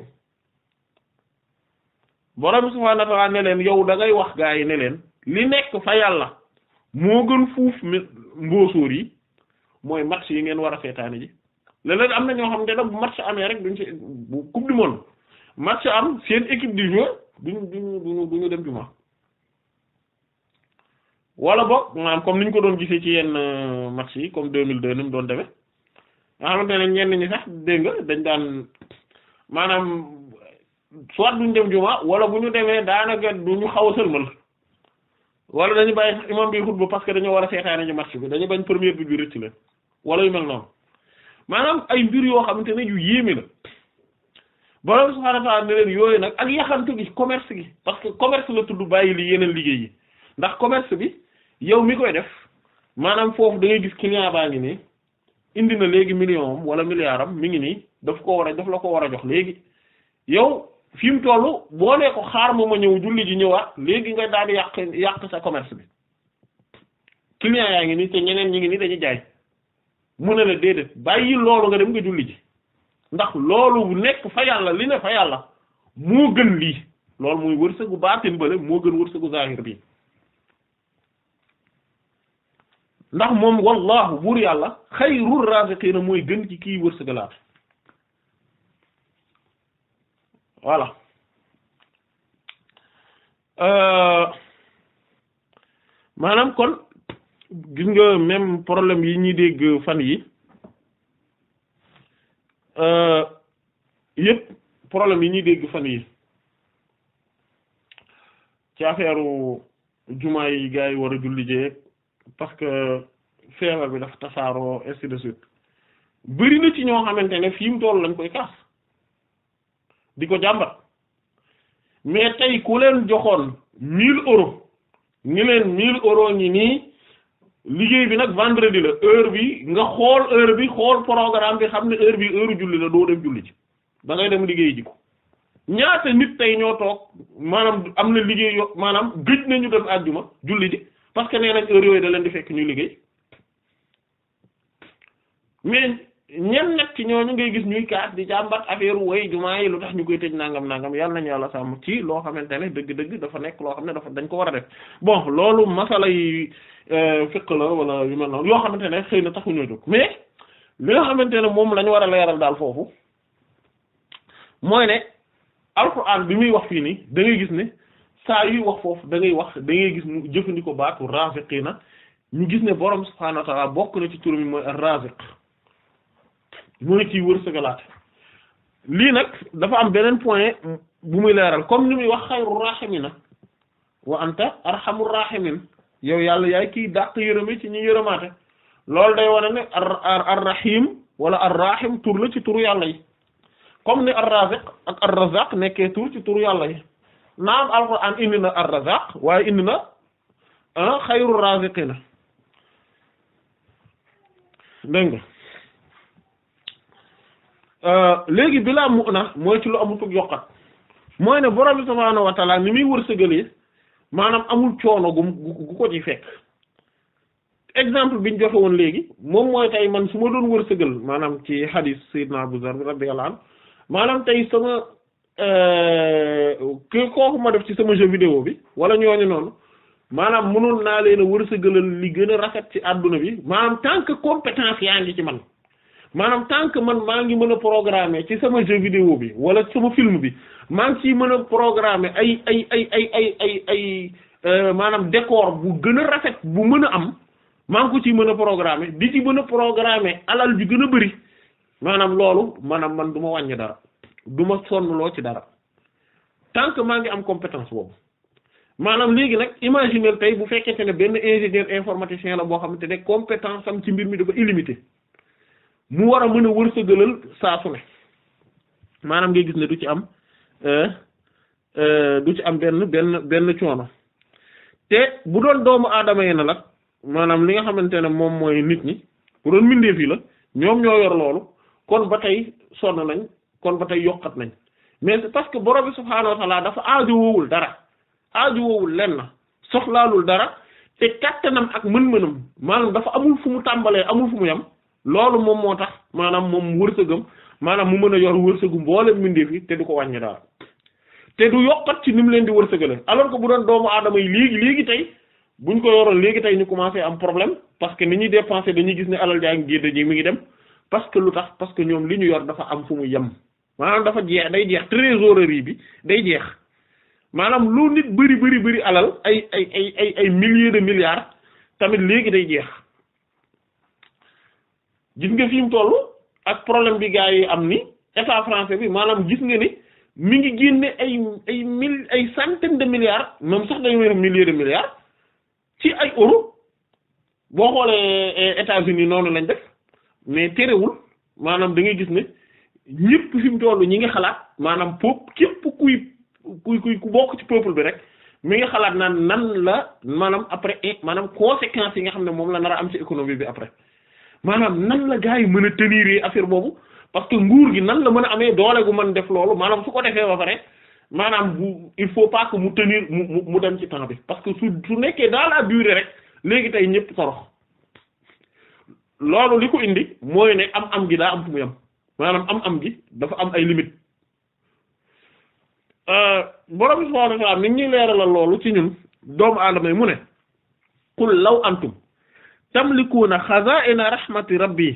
borom subhaanahu wa ta'aala ne leen yow da wax gaa yi ne leen li nekk fa yàlla moo gën fuuf mi mboosóor yi mooy match yi ngeen war a seetaane ji léeg am na ñoo xam ne nag bu match amee rek duñ ci bu coupe du monde match am seen équipe di jouer duñu duñu duñu dem juma wala boog maanaam comme ni ñu ko doon gisee ci yenn euh, match yi comme deux mille deux ni mu doon demee nga xamante ne ñenn ñi sax dégg nga dañ daan maanaam soit duñ dem juma wala bu ñu demee daanaka duñu xaw a sëlmal wala dañu bàyyi imam bi xutba parce que dañoo war a seetaane ñu match bi dañu bañ première bi bi rëcc la wala yu mel noonu maanaam ay mbir yoo xamante ne yu yéeme la borom subhaanahu wa ta'aala leen yooyu nag ak yaxante gi commerce gi parce que commerce la tudd bàyyi li yeneen liggéey yi ndax commerce bi yow mi koy def maanaam foofu da ngay gis client baa ngi nii indi na léegi million am wala milliard mi ngi nii daf ko war a daf la ko war a jox léegi fi mu toll boo nee xaar moo ma ñëw julli ji ñëwaat léegi nga daal yàq yàq sa commerce bi client yaa ngi ni te ñeneen ñi ngi nii dañuy jaay mu ne la déedéet bàyyi loolu nga dem nga julli ji ndax loolu bu nekk fa yàlla li ne fa yàlla moo gën lii loolu muy wërsëgu baatin bale moo gën wërsëgu zahir bi ndax moom wallahu buur yàlla xayrur raziqina mooy gën ci kii wërsëgalaat voilà euh, maanaam kon gis nga même problème yi ñuy dégg fan yi euh, yëpp problème yi ñuy dégg fan yi ci affaire jumaa yi gars yi war a julli jeeg parce que feebar bi dafa tasaaroo ainsi de suite bëri na ci ñoo xamante ne fii mu toll lañ koy kaas di ko jàmbat mais tey ku leen joxoon mille euros ñu leen mille euros ñi nii liggéey bi nag vendredi la heure bi nga xool heure bi xool programme bi xam ne heure bi heure julli la doo dem julli ci da dem liggéey ji ko ñaata nit tey ñoo toog maanaam am na liggéey yo maanaam gëj nañu dem àjjuma julli ji parce que nee nañ heure yooyu da leen di fekk ñu liggéey mais ñen nag ci ñooñu ngay gis ñuy kaat di jàmbat affaire way jumaa yi lu tax ñu koy tëj nangam nangam yàlla nañu yàlla sàmm ci loo xamante ne dëgg-dëgg dafa nekk loo xam ne dafa dañ ko war a def bon loolu masala yi euh, fiq la wala yu mel noonu yoo xamante ne xëy na taxuñoo jóg mais li nga xamante ne moom lañu war a leeral daal foofu mooy ne alxuraan bi muy wax fii nii da gis ne saa yuy wax foofu da ngay wax dangay ngay gis mu jëfandikoo baatu na ñu gis ne borom subhaanahu bokk na ci tur mi mooy ciy wërsëgalaate lii nag dafa am beneen point bu muy leeral comme ni muy wax xayru raahimina wa anta arhamu rahimin yow yàlla yaay ki dàq yërëme ci ñi yërëmaate loolu day wane ne ar ar rahim wala ar rahim tur la ci turu yàlla yi comme ni ar raziq ak ar razaq nekkee tur ci turu yàlla yi naam alquran indi na ar razaq waaye indi na ah, xayru raziqina dégg Euh, léegi bilaa na mooy ci lu amutuk yokkat mooy ne borom bi subhaanahu wa ta'ala ni muy wërsëgalee maanaam amul coono gu gu ko ci fekk exemple biñ joxe woon léegi moom mooy tey man su ma doon wërsëgal maanaam ci hadis sayyidina Abu Zar radiyallahu anhu maanaam tey sama euh, ki kooku ma def ci sama jeu vidéo bi wala ñooñu noonu maanaam mënoon naa leen a wërsëgalal li gën a rafet ci àdduna bi maanaam tant que compétence yaa ngi ci man maanaam tant que man maa ngi mën a programmer ci sama jeu vidéo bi wala sama film bi maa ngi ciy mën a programmer ay ay ay ay ay ay ay euh, maanaam décor bu gën a rafet bu mën a am maa ngi ko ci mën a programme di ci mën a programme alal ju gën a bari maanaam loolu maanaam man du ma wàññi dara du ma sonnloo ci dara tant maa ngi am compétence boobu maanaam léegi nag imaginer tey bu fekkente ne benn ingénieur informaticien la boo xamante ne compétence am ci mbir mi dafa illimité mu war a mën a wërsëgalal saa su ne maanaam ngay gis ne du ci am euh, euh, du ci am benn benn benn coono te bu doon doomu aadama yi na nag maanaam li nga xamante ne moom mooy nit ñi bu doon mbindeef yi la ñoom ñoo yor loolu kon ba tey sonn nañ kon ba tey yokkat nañ mais parce que borom bi subhaanahu wa ta'ala dafa aajowoowul dara aajowoowul lenn na soxlaalul dara te kàttanam ak mën-mënam maanaam dafa amul fu mu tàmbalee amul fu mu yam loolu mom motax manam mom moom manam mu meuna yor wërsëgu mboolem minde fi te duko ko dara te du yokkat ci nim mu leen di wërsëgale alors ko bu doon doomu adamay yi léegi tay buñ ko yoroon léegi tay ni commencé am problème parce que ni ñuy dépenser dañuy gis ne alal jaa ngi génn ji mi ngi dem parce que lutax parce que ñom li ñu yor dafa am fu mu yam manam dafa jeex day jeex trésorerie bi day jeex manam lu nit bari bari bari alal ay ay ay ay milliers de milliards tamit léegi day jeex. gis nga fi mu toll ak problème bi gars yi am ni état français bi maanaam gis nga ni mi ngi génne ay ay mille ay centaine de milliards même sax dañu wax milliers de milliards ci ay euro boo xoolee eh, États-Unis noonu lañ def mais terewul maanaam da ngay gis ne ñëpp fi mu toll ñi ngi xalaat maanaam pop képp kuy kuy kuy ku bokk ci peuple bi rek mi ngi xalaat naan nan la maanaam après eh, maanaam conséquences yi nga xam ne moom la nar a am ci économie bi après maanaam nan la gars yi mën a tenir affaire boobu parce que nguur gi nan la mën a amee doole gu mën def loolu maanaam su ko defee ba pare maanaam bu il faut pas mu tenir mu mu dem ci temps bi parce que su su nekkee dans la durée rek léegi tey ñëpp torox loolu li ko indi mooy ne am am gi daa am fu mu yem maanaam am am gi dafa am ay limites euh, borom subhanahu wa ta'ala ni loolu ci ñun doomu aadama yi mu ne ku law antum tamlikuuna xazaa'ina rahmati rabbi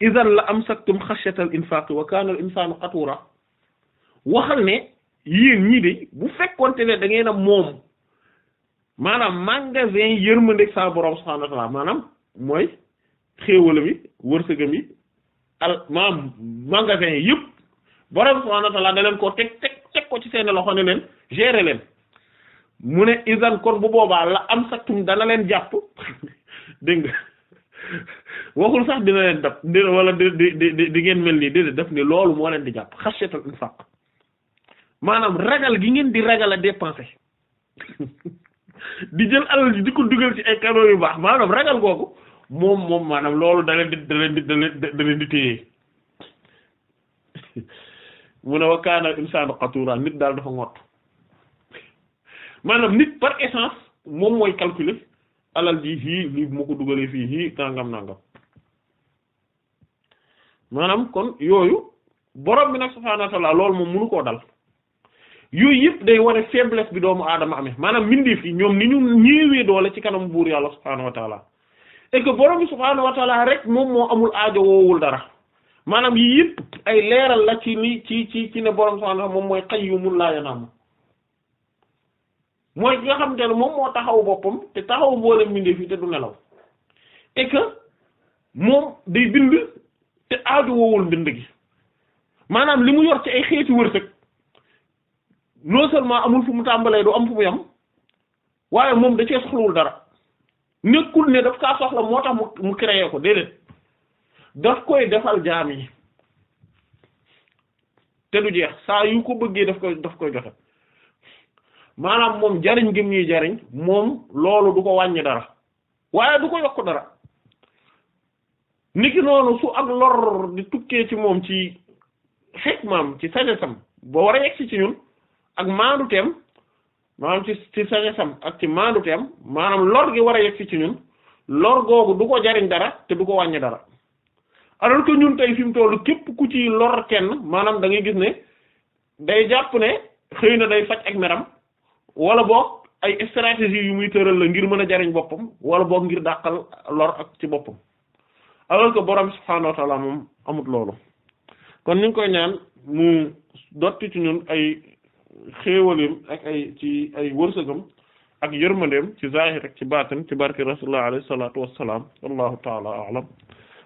idan la am xashyata al infaq wa kaana al insaanu qatuura waxal ne yéen ñii de bu fekkonte ne da ngeen a moom maanaam magasin yërmandeg sa borom subhaanahu maanaam mooy xéewalam yi wërsëgam yi al maanaam magasin yi yëpp borom subhaanahu wa ta'aala ko teg teg teg ko ci seen loxo ne leen gérer leen mu ne idan kon bu boobaa la am amsaktum dana leen jàpp dégg nga waxul sax dina leen dab dina wala di di di di ngeen mel nii déedéet def ne loolu moo leen di jàpp xasyatal infaq maanaam ragal gi ngeen di ragal a dépenser <laughs> di jël alal ji di ko dugal ci ay cadeau yu baax maanaam ragal googu moom moom maanaam loolu da leen di da leen di da leen di téye <laughs> mu ne wa insaanu qatuura nit daal dafa ngott maanaam nit par essence moom mooy calculer alal ji fii lii bu ma ko dugalee fii fii nangam nangam maanaam kon yooyu borom bi nag subhaanahu wa ta'aala loolu moom mënu koo dal yooyu yëpp day wane faiblesse bi doomu aadama amee maanaam mbindeef yi ñoom ni ñu ñéewee doole ci kanamu buur yàlla subhaanahu wa ta'aala borom bi subhaanahu rek moom moo amul aajo woowul dara maanaam yii yëpp ay leeral la ci ni ci ci ne borom subhaanahu moom mooy qayyumun laa yanaamu mooy ki nga xamante ne moom moo taxaw boppam te taxaw mboolem mbindeef fii te du nelaw et moom day bind te aaju woowul mbind gi maanaam li mu yor ci ay xeeti wërsëg non seulement amul fu mu tàmbalee du am fu mu yam waaye moom da cee soxlawul dara nekkul ne daf kaa soxla moo tax mu mu créé ko déedéet daf koy defal jaam yi te du jeex saa yu ko bëggee daf koy daf koy joxe. maanaam moom jariñ gi ñuy jariñ moom loolu du ko wàññi dara waaye du ko yokk dara niki noonu su ak lor di tukkee ci moom ci xikmaam ci sagesam ba war a yegg ci ñun ak maandu teem maanaam ci ci ak ci maandu teem maanaam lor gi war a yegg ci ñun lor googu du ko jariñ dara te du ko wàññi dara alors que ñun tey fi mu tollu képp ku ci lor kenn maanaam dangay gis ne day jàpp ne xëy na day faj ak meram wala boog ay stratégie yu muy tëral la ngir mën a jariñ boppam wala boo ngir dàqal lor ak ci boppam alors que borom subhaanahu wa ta'ala moom amut loolu kon ñu ngi koy ñaan mu dotti ci ñun ay xéewaleem ak ay ci ay wërsëgam ak yërmandeem ci zaahir ak ci baatin ci barke rasulullah alayhi salaatu wassalaam wallahu ta'ala a'lam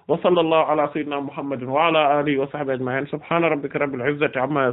wa sallallahu ala sayyidina muhammadin wa ala alihi wa sahbihi ajma'in subhana rabbika rabbil izzati amma